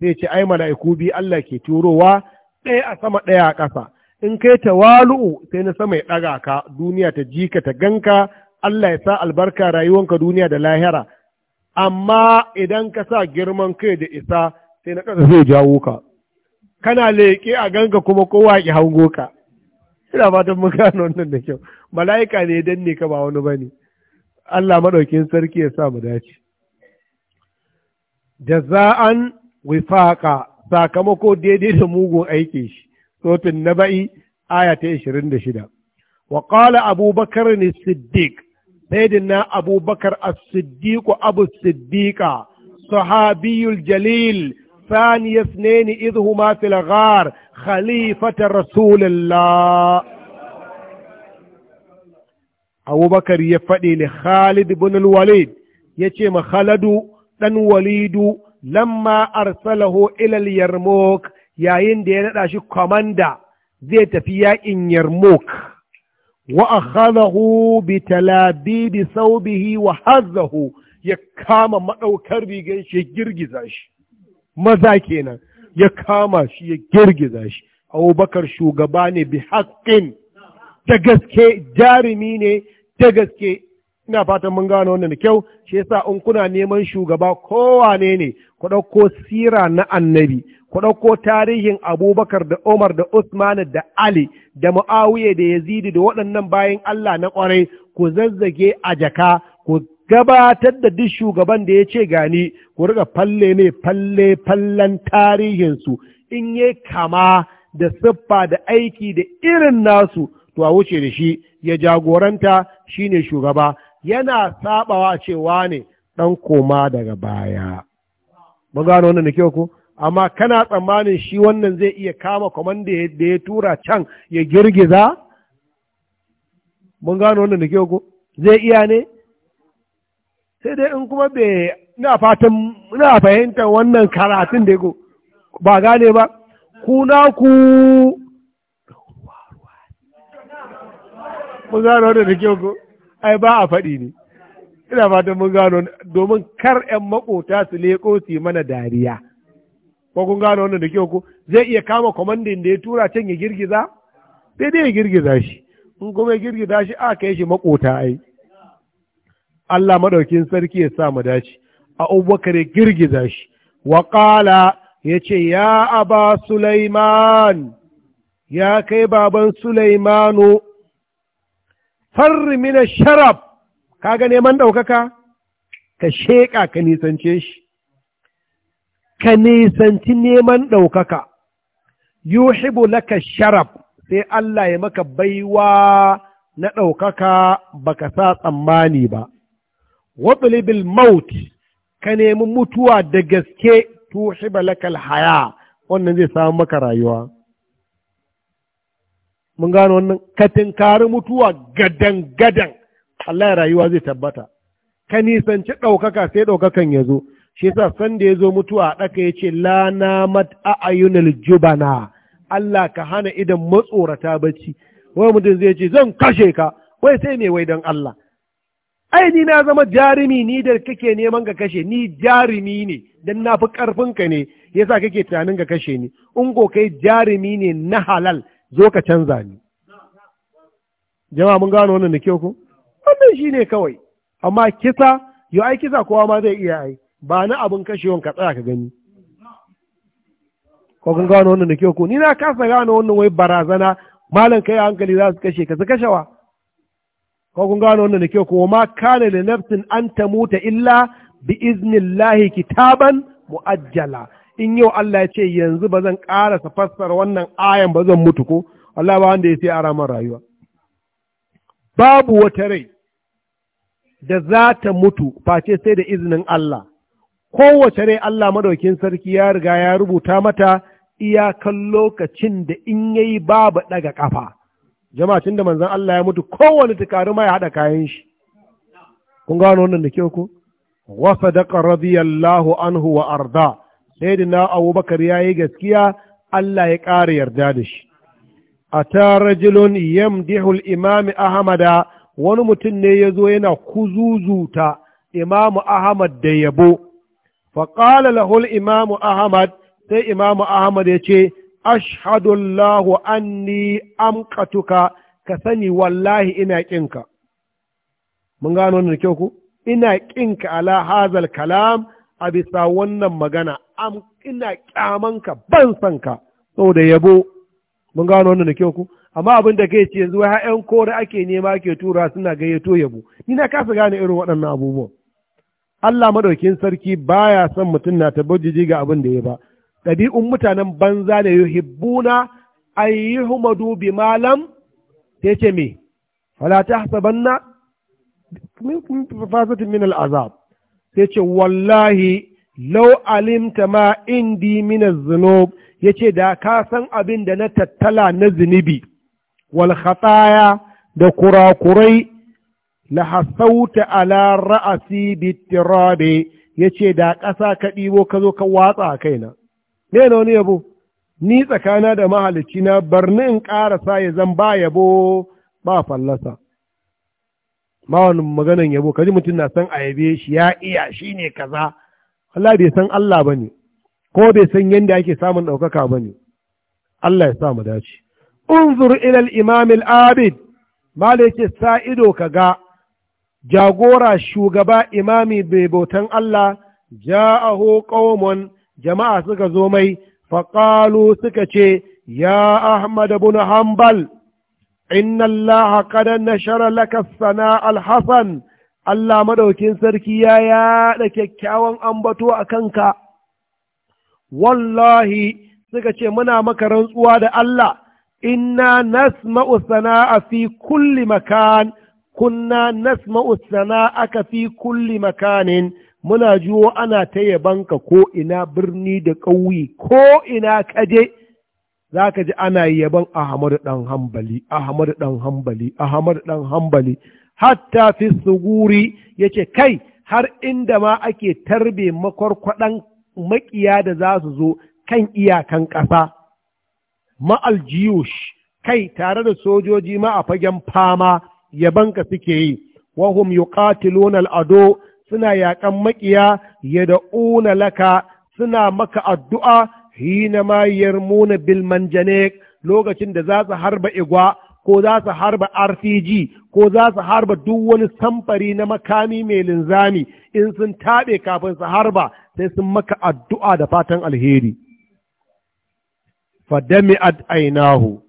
sai ce ai mala'iku bi Allah ke turowa ɗaya a sama ɗaya a ƙasa in kai walu'u sai na sama ya ɗaga ka duniya ta jika ta ganka Allah ya sa albarka rayuwanka duniya da lahira amma idan ka sa girman kai da isa sai na ƙasa zai jawo ka kana leƙe a ganka kuma kowa ya hango ka ina fatan mun gano wannan da kyau mala'ika ne dan ne ka ba wani bane Allah madaukin sarki ya sa mu dace jaza'an wifaqa sakamako daidai da mugun aiki shi sotin naba'i aya ta 26 wa qala abubakar ni siddiq na abubakar as-siddiq abu siddiqa sahabiyul jalil ثاني اثنين إذ هما في الغار خليفة رسول الله أبو بكر يفدي لخالد بن الوليد يتيم خالد ɗan walidu lamma arsalahu ilal yarmouk yayin da ya naɗa shi kwamanda zai tafi yaƙin yarmouk wa akhadahu bi talabidi saubihi wa hazzahu ya kama maɗaukar rigar shi ya girgiza shi maza kenan ya kama shi ya girgiza shi abubakar shugaba ne bi haƙƙin da gaske jarumi ne ta gaske ina fatan mun gano wannan da kyau shi yasa in kuna neman shugaba kowane ne ku ɗauko sira na annabi ku ɗauko tarihin abubakar da umar da usman da ali da Muawiyah da yazidi da waɗannan bayan allah na ƙwarai ku zazzage a jaka ku gabatar da duk shugaban da ya ce gani ku riga falle mai falle fallen tarihinsu in yi kama da siffa da aiki da irin nasu to a wuce da shi ya jagoranta shine shugaba yana sabawa cewa ne ɗan koma daga baya mun gano wannan da kyau ku? amma kana tsammanin shi wannan zai iya kama kwamanda da ya tura can ya girgiza mun gano wannan da kyau ku? zai iya ne sai dai in kuma bai na fatan na fahimtar wannan karatun da ku ba gane ba ku na ku mun gano wannan da kyau ku? ai ba a faɗi ne ina fatan mun gano domin kar 'yan maƙota su leƙo su yi mana dariya ko kun gano wannan da kyau ko zai iya kama kwamandin da ya tura can ya girgiza sai dai ya girgiza shi in kuma ya girgiza shi a kai shi maƙota ai Allah madaukin sarki ya sa mu dace a Abubakar ya girgiza shi wa qala ce ya aba Sulaiman ya kai baban Sulaimanu farri mina sharaf kaga neman ɗaukaka ka sheƙa ka nisance shi ka nisanci neman ɗaukaka yuhibu laka sharaf sai Allah ya maka baiwa na ɗaukaka baka sa tsammani ba waɗulibil maut ka nemi mutuwa da gaske tuhiba laka haya wannan zai samu maka rayuwa mun gano wannan katin tinkari mutuwa gadan gadan Allah rayuwa zai tabbata ka nisanci ɗaukaka sai ɗaukakan ya zo shi yasa san da ya zo mutuwa a ɗaka ya ce lana mat a'ayunal jubana Allah ka hana idan matsorata bacci wai mutum zai ce zan kashe ka wai sai ne wai don Allah ai ni na zama jarumi ni da kake neman ka kashe ni jarumi ne dan na fi karfin ka ne yasa kake tunanin ga kashe ni in ko kai jarumi ne na halal zo ka canza ni Jama mun gano wannan da kyau ko wannan shi ne kawai amma kisa yau ai kisa kowa ma zai iya ai ba na abin kashewan ka tsaya ka gani ko kun gano wannan da kyau ko ni na kasa gano wannan wai barazana malam kai hankali za su kashe ka su kashewa ko kun gano wannan da kyau ko ma kana da nafsin an ta mutu illa bi iznillahi kitaban mu'ajjala in yau Allah ya ce yanzu ba zan ƙarasa fassara wannan ayan ba zan mutu ko Allah ba wanda ya sai ara man rayuwa babu wata rai da za ta mutu face sai da izinin Allah kowace rai Allah madaukin sarki ya riga ya rubuta mata iyakan lokacin da in yayi babu ɗaga ƙafa jama'a da manzon Allah ya mutu kowane tukari ma ya haɗa kayan shi kun gano wannan da kyau ko wasa daƙa radiyallahu anhu wa arda sayyidina abubakar ya yi gaskiya Allah ya ƙara yarda da shi a ta rajulun yamdihul imami ahmada wani mutum ne ya zo yana kuzuzuta imamu ahmad da yabo faƙala lahul imamu ahmad sai imamu ahmad ya ce ashhadullahu anni amqatuka ka sani wallahi ina ƙinka mun gano wannan kyau ku ina ƙinka ala hazal kalam a bisa wannan magana am ina kyamanka ban san ka saboda yabo mun gano wannan da kyau ku amma abin da kai ce yanzu ya ƴan kore ake nema ke tura suna gayyato yabo ni na kasa gane irin waɗannan abubuwan Allah madaukin sarki baya son mutum na tabbajiji ga abin da ya ba ɗabi'un mutanen banza da yuhibbuna ayyuhumadu bi malam sai ce me fala tahsabanna min fasatin min al'azab sai ce wallahi lau alimta ma indi mina zunub ya ce da ka san abin da na tattala na zunubi wal khataya da kurakurai la hasauta ala ra'asi bitirabe ya ce da ƙasa ka ɗibo ka zo ka watsa a kaina me ne wani yabo ni tsakana da mahalicci na barni in ƙarasa ya zan ba yabo ba fallasa ma maganan yabo kaji mutum na san a yabe shi ya iya shi ne kaza Allah bai san Allah ba ne ko bai san yadda ake samun ɗaukaka ba ne Allah ya sa mu dace unzur ilal imam al-abid Malik sa ido ka jagora shugaba imami bai bautan Allah ja'ahu qaumun jama'a suka zo mai faqalu suka ce ya ahmad ibn hanbal inna Allah qad nashara laka sana al Allah madaukin sarki ya yaɗa kyakkyawan ambato a kanka wallahi suka ce muna maka rantsuwa da Allah inna nasma'u sana'a fi kulli makan kunna nasma'u sana'aka fi kulli makanin muna juwo ana taya banka ko ina birni da ƙauye ko ina kaje za ka ji ana yabon ahmadu ɗan hambali ahmadu ɗan hambali ahmadu ɗan hambali hatta fi suguri ya ce kai har inda ma ake tarbe makwarkwaɗan maƙiya da za su zo kan iyakan ƙasa ma'al jiyush kai tare da sojoji ma a fagen fama ka suke yi wahum yuqatiluna ado suna yaƙan maƙiya yad'una laka suna maka addu'a hina ma yarmuna bil manjanek lokacin da za su harba igwa ko za su harba RPG ko za su harba duk wani samfari na makami mai linzami in sun taɓe kafin su harba sai sun maka addu'a da fatan alheri. Fadami ad ainahu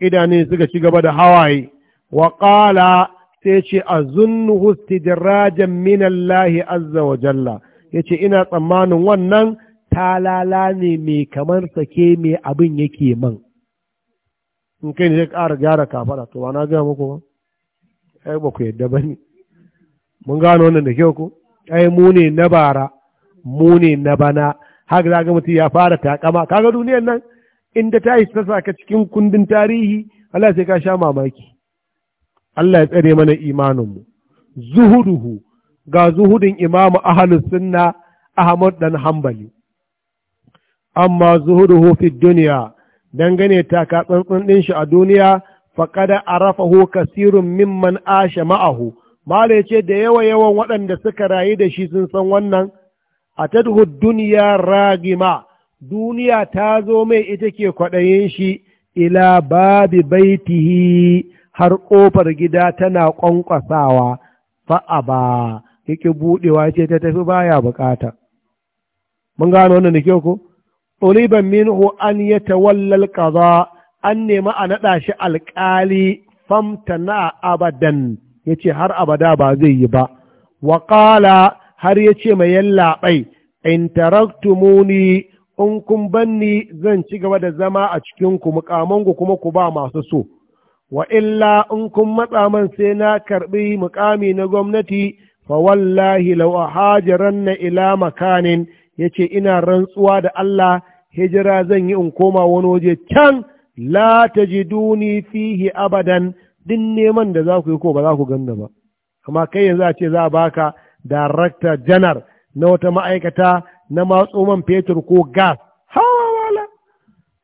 idane suka ci gaba da hawaye wa ƙala sai ce a zunnu min minallahi azza wa jalla ya ce ina tsammanin wannan talala ne mai kamar sake mai abin yake man in kai ne zai ƙara gyara kafara to ba na gaya muku ba ai ba ku yadda ba ne mun gano wannan da kyau ku. ai mu ne na bara mu ne na bana haka za ga mutum ya fara takama kaga duniyar nan inda ta yi ta saka cikin kundin tarihi Allah sai ka sha mamaki Allah ya tsare mana imaninmu zuhuduhu ga zuhudin imamu ahlus sunna Ahmad dan Hanbali amma zuhuduhu fi duniya dangane taka tsantsan din shi a duniya faqada arafahu kasirun mimman asha ma'ahu mala yace da yawa yawan waɗanda suka rayu da shi sun san wannan atadhu duniya ragima duniya ta zo mai ita ke kwaɗayin shi ila babi baitihi har ƙofar gida tana ƙwanƙwasawa Fa'aba, yake buɗewa ce ta tafi baya bukata mun gano wannan da kyau ko ɗuriban minhu an ya tawallal kaza an nemi a naɗa shi alƙali famta na abadan ya ce har abada ba zai yi ba Wakala har ya ce mai yallaɓai in taraktumuni in kun banni zan ci gaba da zama a cikinku mukamanku kuma ku ba masu so wa illa in kun matsa man sai na karɓi mukami na gwamnati fa wallahi law hajaranna ila makanin yace ina rantsuwa da Allah hijira zan yi in koma wani waje can la duni fihi abadan din neman da za ku yi ko ba za ku ganna ba amma kai yanzu a ce za a baka darakta janar na wata ma'aikata na matsoman fetur ko gas hawa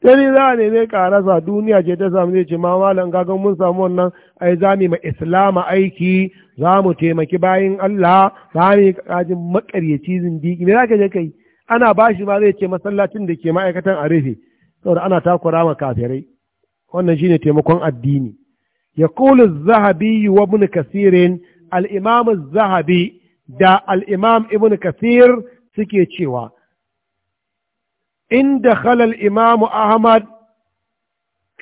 sai za a neme karasa duniya ce ta samu zai ce ma malam ga mun samu wannan ai za mu ma islama aiki za mu taimaki bayin Allah za mu kajin makaryaci zindiki me za ka je kai ana ba shi ma zai ce masallacin da ke ma’aikatan a rufe, saboda ana takura ma kafirai, wannan shi ne taimakon addini. Ya kulu zahabi wa bin kasirin al’imam zahabi da al’imam ibn kasir suke cewa, inda khalal imamu Ahmad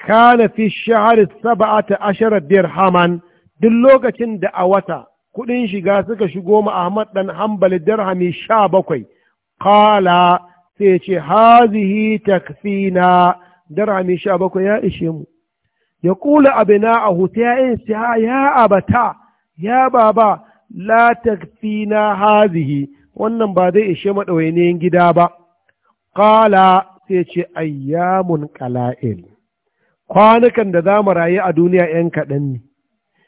kana fi shahar saba'a ta biyar dirhaman duk lokacin da a wata kudin shiga suka shigo ma Ahmad ɗan hambali dirhami sha bakwai. qala sai ce hazihi takfina mai sha bakwai ya ishe mu ya kula abina a hutu ya yin ya abata ya ba, la takfina hazihi wannan ba zai ishe maɗawainiyin gida ba ƙala sai ce ayyamun kala'il kwanukan da za mu rayu a duniya ‘yan kaɗan ne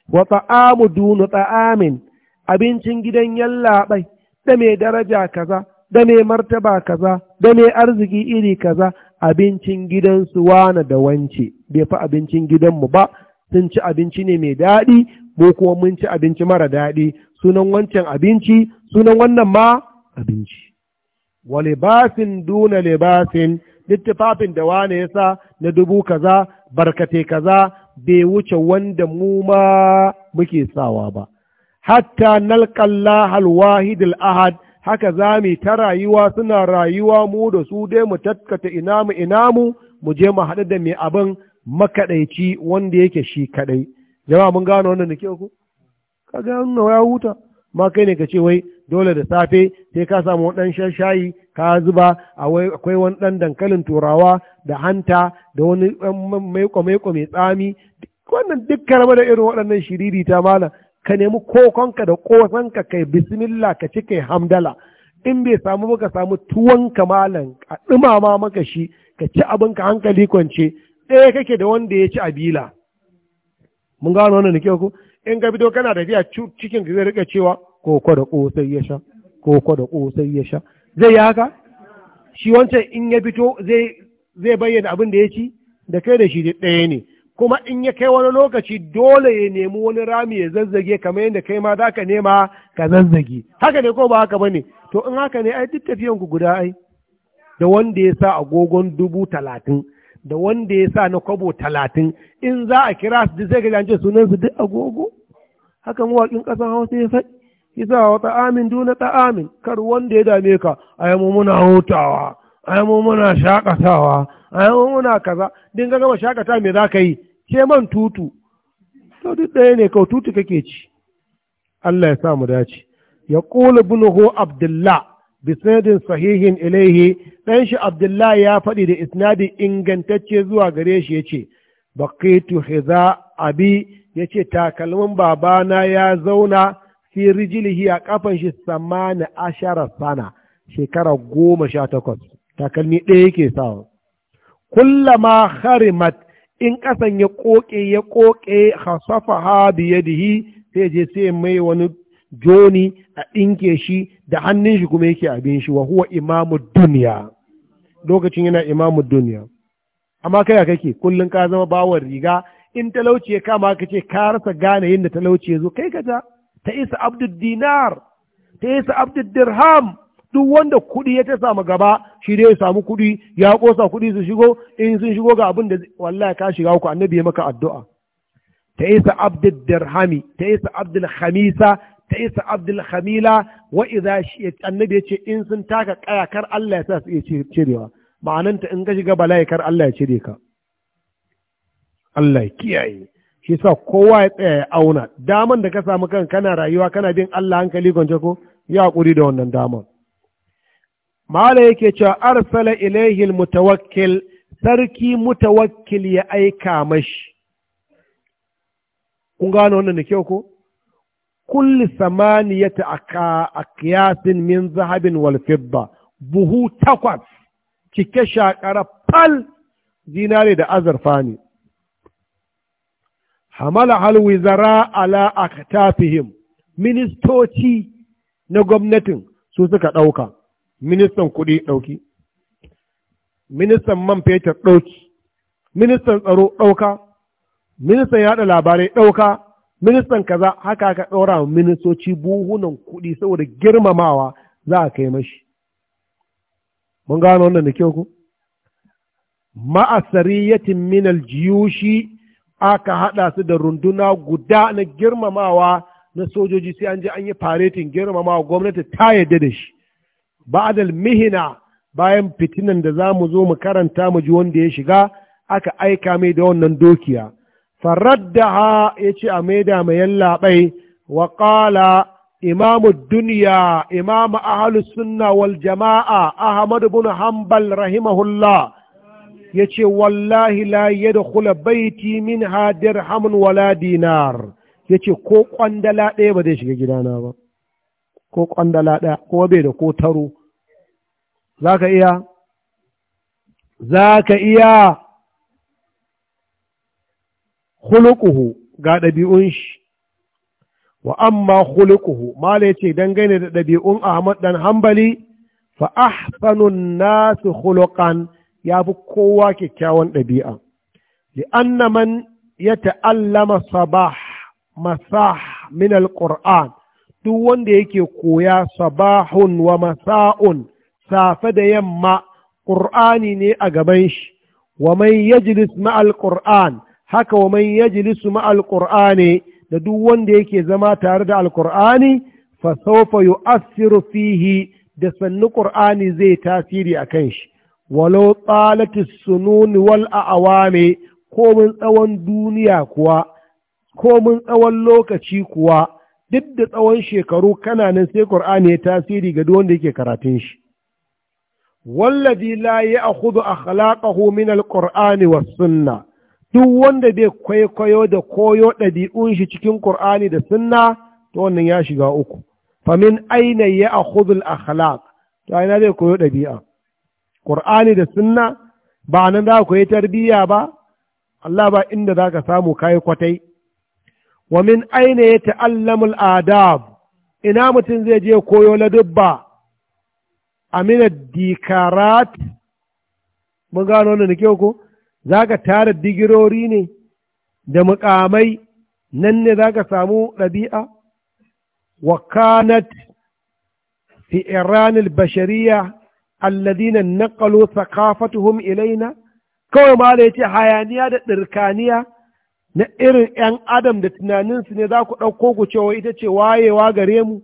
wa ta'amu dunu ta'amin abincin gidan yallaɓai da mai daraja kaza da mai martaba kaza da mai arziki iri kaza abincin gidansu wana da wance bai fi abincin gidanmu ba sun ci abinci ne mai daɗi mu kuma mun ci abinci mara daɗi sunan wancan abinci sunan wannan ma abinci wa libasin duna libasin littafafin da wane ya sa na dubu kaza barkate kaza bai wuce wanda mu ma muke sawa ba hatta nalqalla halwahid ahad haka za mu ta rayuwa suna rayuwa mu da su dai mu tattata ina mu ina mu mu je mu haɗu da mai abin makaɗaici wanda yake shi kaɗai jama'a mun gano wannan da ke ku ka gano ya huta ma kai ne ka ce wai dole da safe sai ka samu ɗan shayi ka zuba akwai wani ɗan dankalin turawa da hanta da wani maiko maiko mai tsami wannan duk karama da irin waɗannan shiriri ta malam ka nemi kokonka da kosanka kai bismillah ka ci kai hamdala in bai samu ka samu tuwon kamalan a ɗumama maka shi ka ci abin ka hankali kwance ɗaya kake da wanda ya ci abila mun gano wannan da ku in ka fito kana biya cikin ka zai rika cewa koko da kosai ya sha koko da kosai ya sha zai yi haka shi wancan in ya fito zai bayyana abin da ya ci da kai da shi ɗaya ne kuma in ya kai wani lokaci dole ya nemi wani rami ya zazzage kamar yadda kai ma zaka nema ka zazzage haka ne ko ba haka bane to in haka ne ai duk tafiyan ku guda ai da wanda ya sa agogon dubu talatin da wanda ya sa na kwabo talatin in za a kira su duk sai ka jance sunan su duk agogo haka mawaƙin ƙasar hausa ya faɗi sa wa ta'amin duna ta'amin kar wanda ya dame ka ai mu muna hutawa ai mu muna shakatawa ai mu muna kaza din ga gama shakata me za ka yi ke man tutu to duk ɗaya ne kawai tutu kake ci Allah ya sa mu dace ya ƙola bulhu abdullah bi sanadin sahihin ilaihi Ɗan shi abdullah ya faɗi da isnadi ingantacce zuwa gare shi ya yace baqitu hiza abi ce takalmin babana ya zauna fi rijilihi a kafan shi samana ashara sana shekara goma sha takwas takalmi ɗaya yake sawa kullama harimat in ƙasan ya ƙoƙe ya ƙoƙe hasafa ha biyadihi sai je sai mai wani joni a ɗinke shi da hannun shi kuma yake abin shi wa huwa imamu duniya lokacin yana imamu duniya amma kai kake kullum ka zama bawon riga in talauci ya kama ka ce ka rasa gane yin da talauci ya zo kai ka ta isa abdul dinar ta isa abdul dirham duk wanda kuɗi ya ta samu gaba shi dai ya samu kuɗi ya ƙosa kuɗi su shigo in sun shigo ga abin da wallahi ka shiga ku annabi ya maka addu'a ta isa abdul dirhami ta isa abdul khamisa ta isa abdul khamila wa idza annabi ya ce in sun taka kaya kar Allah ya sa su iya cirewa ta in ka shiga bala'i kar Allah ya cire ka Allah ya kiyaye shi sa kowa ya tsaya ya auna daman da ka samu kan kana rayuwa kana bin Allah hankali gonje ko ya hakuri da wannan daman mala yake cewa arsala ilaihi mutawakkil sarki mutawakkil ya aika mashi kun gano wannan da kyau ko kulli samaniyata aka kiyasin min zahabin wal fidda buhu takwas cike shakara fal zinare da azurfa ne hamala halwizara ala aktafihim ministoci na gwamnatin su suka ɗauka ministan kuɗi ɗauki ministan man fetur ɗauki ministan tsaro ɗauka ministan yaɗa labarai ɗauka ministan kaza haka ka ɗora wa ministoci buhunan kuɗi saboda girmamawa za a kai mashi mun gano wannan da kyau ku ma'asariyatin minal jiyushi aka haɗa su da runduna guda na girmamawa na sojoji sai an je an yi faretin girmamawa gwamnati ta yadda da shi Ba'adal mihina bayan fitinan da za mu zo mu karanta mu ji wanda ya shiga aka aika mai da wannan dokiya faraddaha ya ce a maida ma yallaɓai waƙala ƙala imamu duniya imamu ahalus sunna wal jama'a ahmad bin hanbal rahimahullah ya ce wallahi la yadkhula baiti min hadir hamun wala dinar ya ce ko ƙwandala ɗaya ba zai shiga gidana ba ko ƙwandala ɗaya ko bai da ko taro za ka iya za iya hulukuhu ga ɗabi'un shi wa amma hulukuhu mala ce dangane da ɗabi'un ahmad dan hambali fa ahsanun nasu khuluqan ya fi kowa kyakkyawan ɗabi'a anna man ya ta'allama sabah masah min alƙur'an duk wanda yake koya sabahun wa masa'un safe da yamma ƙur'ani ne a gaban shi wa man yajlis ma'al qur'an haka wa man yajlis ma'al qur'ani da duk wanda yake zama tare da alqur'ani fa sawfa yu'assiru fihi da sannu qur'ani zai tasiri a kan shi walau tsalatis sunun wal ko komin tsawon duniya kuwa komin tsawon lokaci kuwa duk da tsawon shekaru kananan sai ƙur'ani ya tasiri ga duk wanda yake karatun shi wallazi la ya'khudhu akhlaqahu min alqur'ani was sunna duk wanda bai kwaikwayo da koyo ɗabi'un shi cikin qur'ani da sunna to wannan ya shiga uku famin aina ya'khudhu al-akhlaq to aina zai koyo ɗabi'a ƙur'ani da sunna ba nan za ku yi tarbiyya ba Allah ba inda za ka samu kayi kwatai wa min aina ya ta'allamul adab ina mutum zai je koyo ladubba amina dikarat mun gano wannan da kyau ko za ka tara digirori ne da mukamai nan ne za ka samu ɗabi'a wa kanat fi iranil bashariya alladina naƙalo ilaina kawai ma da yace hayaniya da ɗirkaniya na irin 'yan adam da tunaninsu ne za ku ɗauko ku cewa ita ce wayewa gare mu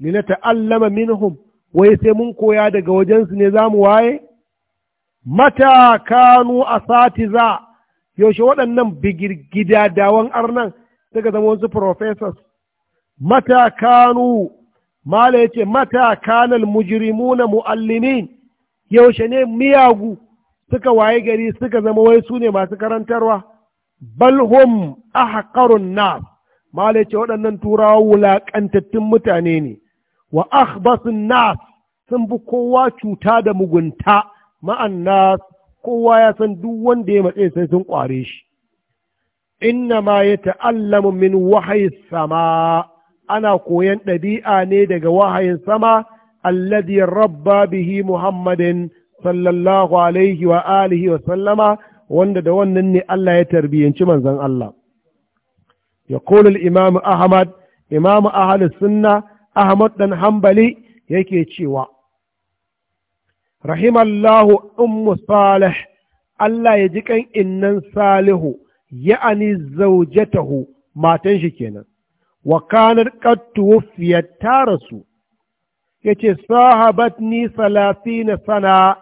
lina ta'allama minhum wai sai mun koya daga wajensu ne za mu waye? Mata kanu a sati za, yaushe waɗannan bigirgida dawon arnan suka zama wasu professors. Mata kanu, Mala ya ce, mata kanal mujirimuna mu'allimin, yaushe ne miyagu suka waye gari suka zama wai su ne masu karantarwa. Balhum haƙarun nas, Mala ya ce waɗannan turawa wulaƙantattun mutane ne. wa akhbasun nas sun bi kowa cuta da mugunta ma'an nas kowa ya san duk wanda ya matse sai sun kware shi inna ma ya ta'allamu min wahayi sama ana koyan ɗabi'a ne daga wahayin sama alladhi rabba bihi muhammadin sallallahu alaihi wa alihi wa sallama wanda da wannan ne Allah ya tarbiyyanci manzon Allah ya imam ahmad imam ahlus sunna Ahmad ɗan Hambali yake cewa rahimallahu ummu salih Allah ya ji kan innan salihu ya'ani zaujatahu matan shi kenan wa kanar qattu ta rasu yace sahabatni na sana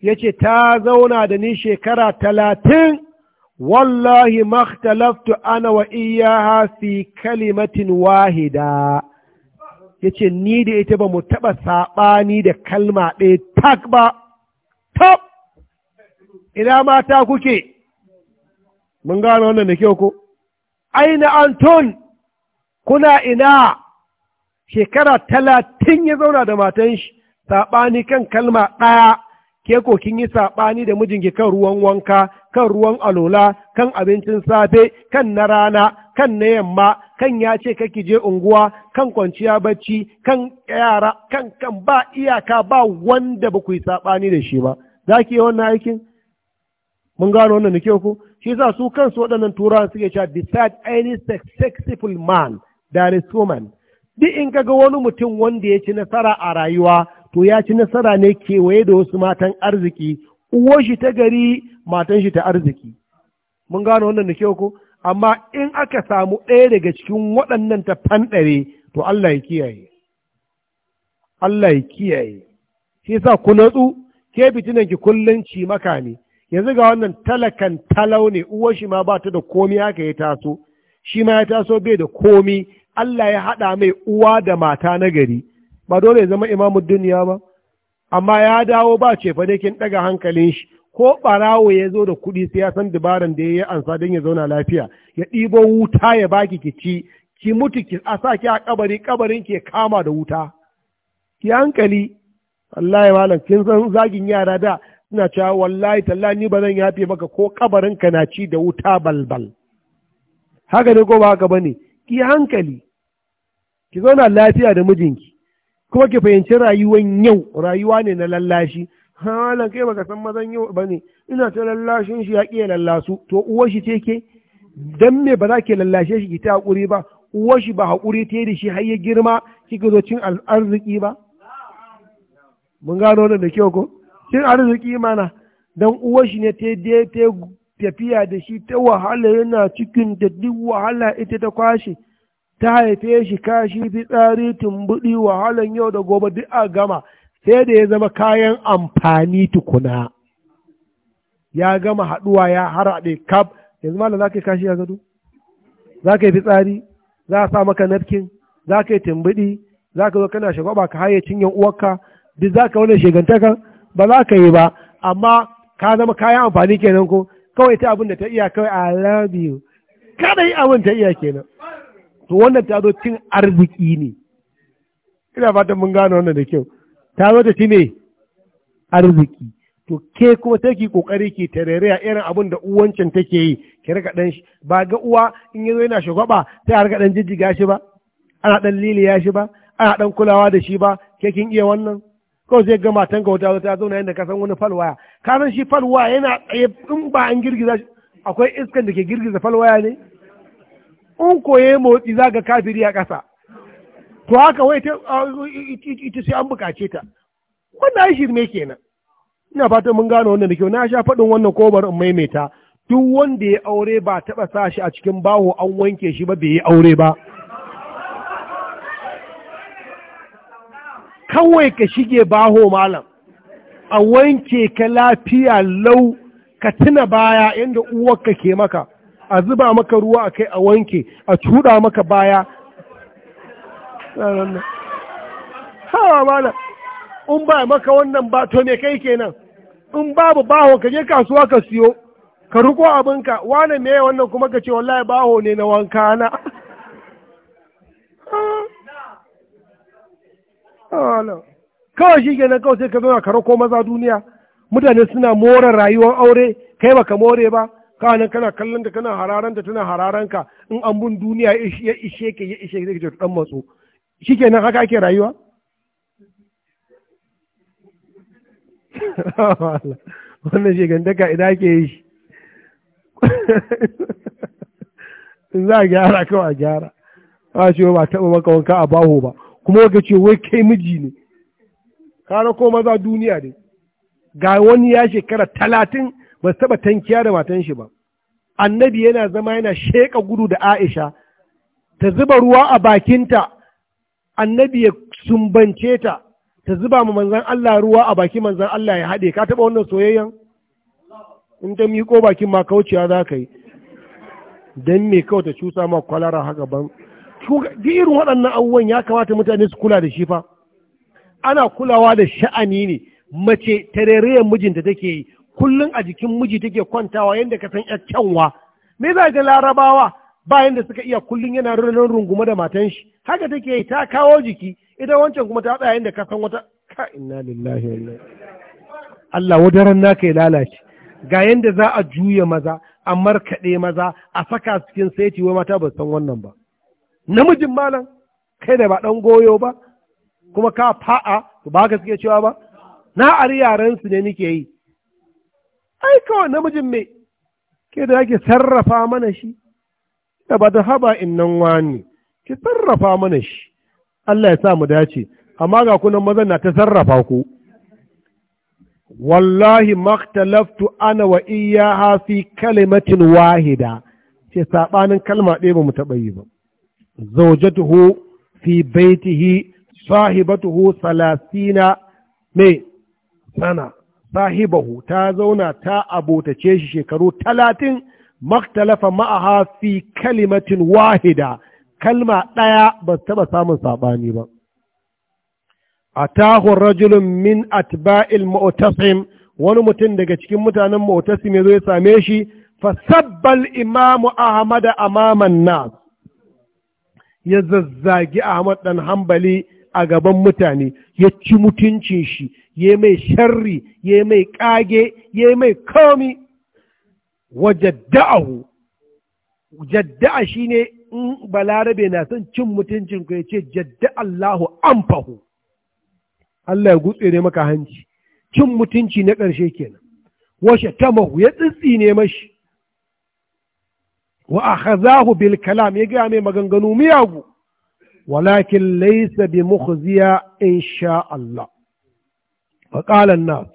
yace ta zauna da ni shekara talatin wallahi makhtalaftu ana wa iyaha fi kalimatin wahida ya ce ni da ita ba mu taɓa saɓani da kalma ɗaya tak ba top! ina mata kuke mun gano wannan da kyau ko aina anton kuna ina shekara talatin ya zauna da matan shi saɓani kan kalma ɗaya ke ko kin yi saɓani da mijinki kan ruwan wanka kan ruwan alola kan abincin safe kan na rana kan na yamma kan ya ce kake je unguwa kan kwanciya bacci kan yara kan kan ba iyaka ba wanda ba ku yi saɓani da shi ba za ki yi wannan aikin mun gano wannan nake ku shi sa su kansu waɗannan turawan suke cewa decide any successful man that is woman duk in kaga wani mutum wanda ya ci nasara a rayuwa to ya ci nasara ne kewaye da wasu matan arziki uwar shi ta gari matan shi ta arziki mun gano wannan da ku amma in aka samu ɗaya daga cikin waɗannan ta fanɗare to Allah ya kiyaye Allah ya kiyaye shi yasa ku natsu ke fitinan ki kullun ci maka ne yanzu ga wannan talakan talau ne uwar shi ma ba ta da komi haka ya taso shi ma ya taso bai da komi Allah ya haɗa mai uwa da mata na gari ba dole ya zama imamu duniya ba amma ya dawo ba ce fa kin ɗaga hankalin shi ko ɓarawo ya zo da kuɗi sai ya san dabaran da ya yi ansa don ya zauna lafiya ya ɗibo wuta ya baki ki ci ki mutu ki asa ki a kabari kabarin ki kama da wuta ki hankali wallahi malam kin san zagin yara da suna cewa wallahi tallahi ni ba zan yafe maka ko kabarin ka na ci da wuta balbal haka ne ko ba haka bane ki hankali ki zauna lafiya da mijinki kuma ki fahimci rayuwan yau rayuwa ne na lallashi halan kai baka san mazan yau ba ne ina ta lallashin shi ya ƙiya lallasu to uwar shi ce ke dan me ba za ke lallashe shi ki ta haƙuri ba uwar shi ba haƙuri ta da shi har ya girma kika zo cin arziki ba mun gano wannan da kyau ko cin arziki mana dan uwar shi ne ta ta tafiya da shi ta wahala yana cikin da duk wahala ita ta kwashe ta haife shi kashi fitsari tumbuɗi wahalan yau da gobe duk a gama sai da ya zama kayan amfani tukuna ya gama haɗuwa ya harade kab yanzu malam za ka yi kashi ya gado za ka yi fitsari za a sa maka nafkin za ka yi tumbuɗi za ka zo kana shagwaba ka haye cinyan uwarka duk za ka wani shigantaka ba za ka yi ba amma ka zama kayan amfani kenan ko kawai ta abin da ta iya kawai a love you kada yi abin ta iya kenan to wannan ta zo cin arziki ne ina fatan mun gane wannan da kyau ta zo ta ci ne arziki to ke kuma take kokari ke tarere a irin abin da uwancin take yi ki rika dan ba ga uwa in yazo yana shugaba ta rika dan jijjiga shi ba ana dan liliya shi ba ana dan kulawa da shi ba ke kin iya wannan ko sai ga matan ga wata ta zauna yadda ka san wani falwaya ka san shi falwaya yana tsaye in ba an girgiza shi akwai iskan da ke girgiza falwaya ne in koye motsi za kafiri a ƙasa to haka wai ta ita sai an bukace ta wannan shirme kenan ina fatan mun gano wannan da kyau na sha faɗin wannan kobar in maimaita duk wanda ya aure ba taba sa shi a cikin baho an wanke shi ba bai yi aure ba kawai ka shige baho malam a wanke ka lafiya lau ka tuna baya inda uwarka ke maka a zuba maka ruwa a kai a wanke a cuda maka baya ranar nan hawa mana in ba maka wannan ba to me kai kenan in babu baho ka je kasuwa ka siyo ka riko abinka wane me wannan kuma ka ce wallahi baho ne na wanka na (laughs) kawai shi kenan kawai sai ka zauna ka rako maza duniya mutane suna more rayuwar aure kai baka more ba Kawai kanan kana kallon da kana hararan da tana hararanka in an bun duniya ya ishe ka ya ishe ka dan matso nan haka ake rayuwa (laughs) oh, wannan shigantaka idan ake yi shi (laughs) in za a gyara kawai a gyara a ce ba taɓa maka wanka a baho ba kuma waka ce wai kai miji ne kara ko maza duniya ne ga wani ya shekara talatin ba su taɓa tankiya da matan shi ba annabi yana zama yana sheƙa gudu da aisha ta zuba ruwa a bakinta annabi ya sumbance ta ta zuba ma manzan Allah ruwa a baki manzan Allah ya haɗe ka taɓa wannan soyayyan in ta miƙo bakin ma kauciya za ka yi don me kawai ta cusa ma kwalara haka ban duk irin waɗannan abubuwan ya kamata mutane su kula da shi fa ana kulawa da sha'ani ne mace tarerayen mijinta take yi kullum a jikin miji take kwantawa yadda ka san yar kyanwa me za ga larabawa bayan da suka iya kullum yana runar runguma da matan shi haka take yi ta kawo jiki ita wancan kuma ta tsaya inda ka san wata ka inna lillahi wa Allah wadaran naka ya lalace ga yanda za a juya maza a markaɗe maza a saka cikin sai wai mata ba san wannan ba namijin malam kai da ba dan goyo ba kuma ka fa'a ba ka suke cewa ba na ari yaran su ne nike yi ai kawai namijin me ke da yake sarrafa mana shi ba da haba innan wani ki sarrafa mana shi Allah ya sa mu dace amma ga kunan mazan na ta sarrafa ku wallahi maktalaftu ana wa iyaha fi kalimatin wahida ce saɓanin kalma ɗaya ba mu taɓa yi ba zawjatuhu fi baitihi sahibatuhu salasina me sana sahibahu ta zauna ta abotace shi shekaru talatin maktalafa ma'aha fi kalimatin wahida kalma ɗaya ba taɓa samun saɓani ba A atahu rajulun min atba'il ma'otasim wani mutum daga cikin mutanen ya yazo ya same shi fa sabbal imamu ahmad amaman na ya zazzagi ahmad dan hambali a gaban mutane ya ci mutuncin shi ya mai sharri ya mai kage ya mai komi wajaddaahu jadda'a shine in balarabe na son cin mutuncin ku yace jadda Allahu anfahu Allah ya gutse ne maka hanci cin mutunci na ƙarshe kenan wa shatamahu ya tsitsine mashi wa akhazahu bil kalam ya gaya mai maganganu miyagu walakin laisa bi mukhziya insha Allah wa qala an-nas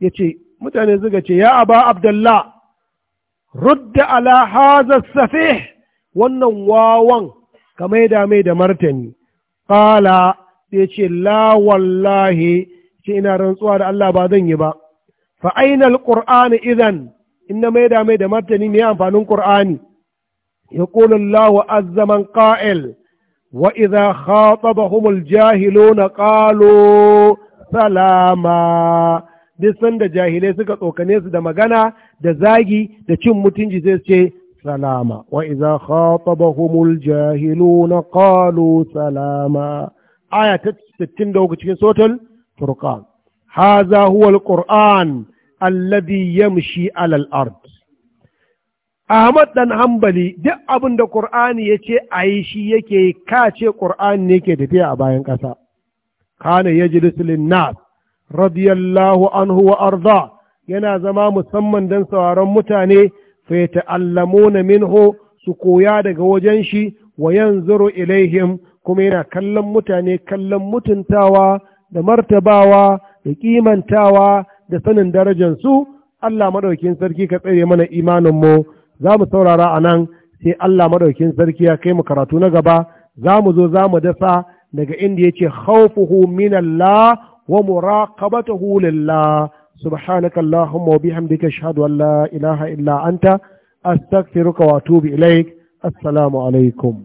yace mutane suka ce ya aba abdullah rudda ala wannan wawan ka maida mai da martani ƙala sai ce la wallahi ce ina rantsuwa da Allah ba zan yi ba fa ainal qur'ani idan in na maida mai da martani me amfanin qur'ani Allah الله azzaman qa'il wa idha khatabahum الجاهلون qalu salama. duk sanda jahilai suka tsokane su da magana da zagi da cin mutunci sai ce salama wa idza khatabahumul jahiluna qalu salama aya ta 63 cikin suratul furqan hadha huwa alquran alladhi yamshi ala al-ard Ahmad dan hambali duk abin da Qur'ani ya ce a yi shi yake ka ce Qur'ani ne ke tafiya a bayan ƙasa. Kana yaji ji nas radiyallahu anhu wa arda yana zama musamman don sauraron mutane fa ta'allamuna minhu su koya daga wajen shi wa yanzuru ilaihim kuma yana kallon mutane kallon mutuntawa da martabawa da kimantawa da sanin darajansu Allah madaukin sarki ka tsare mana imaninmu za mu saurara a nan sai Allah madaukin sarki ya kai mu karatu na gaba za mu zo za mu dasa daga inda ya ce khawfuhu min wa muraqabatuhu lillah subhanaka allahumma wa bihamdika ashhadu an la ilaha illa anta astaghfiruka wa atubu ilaik assalamu alaikum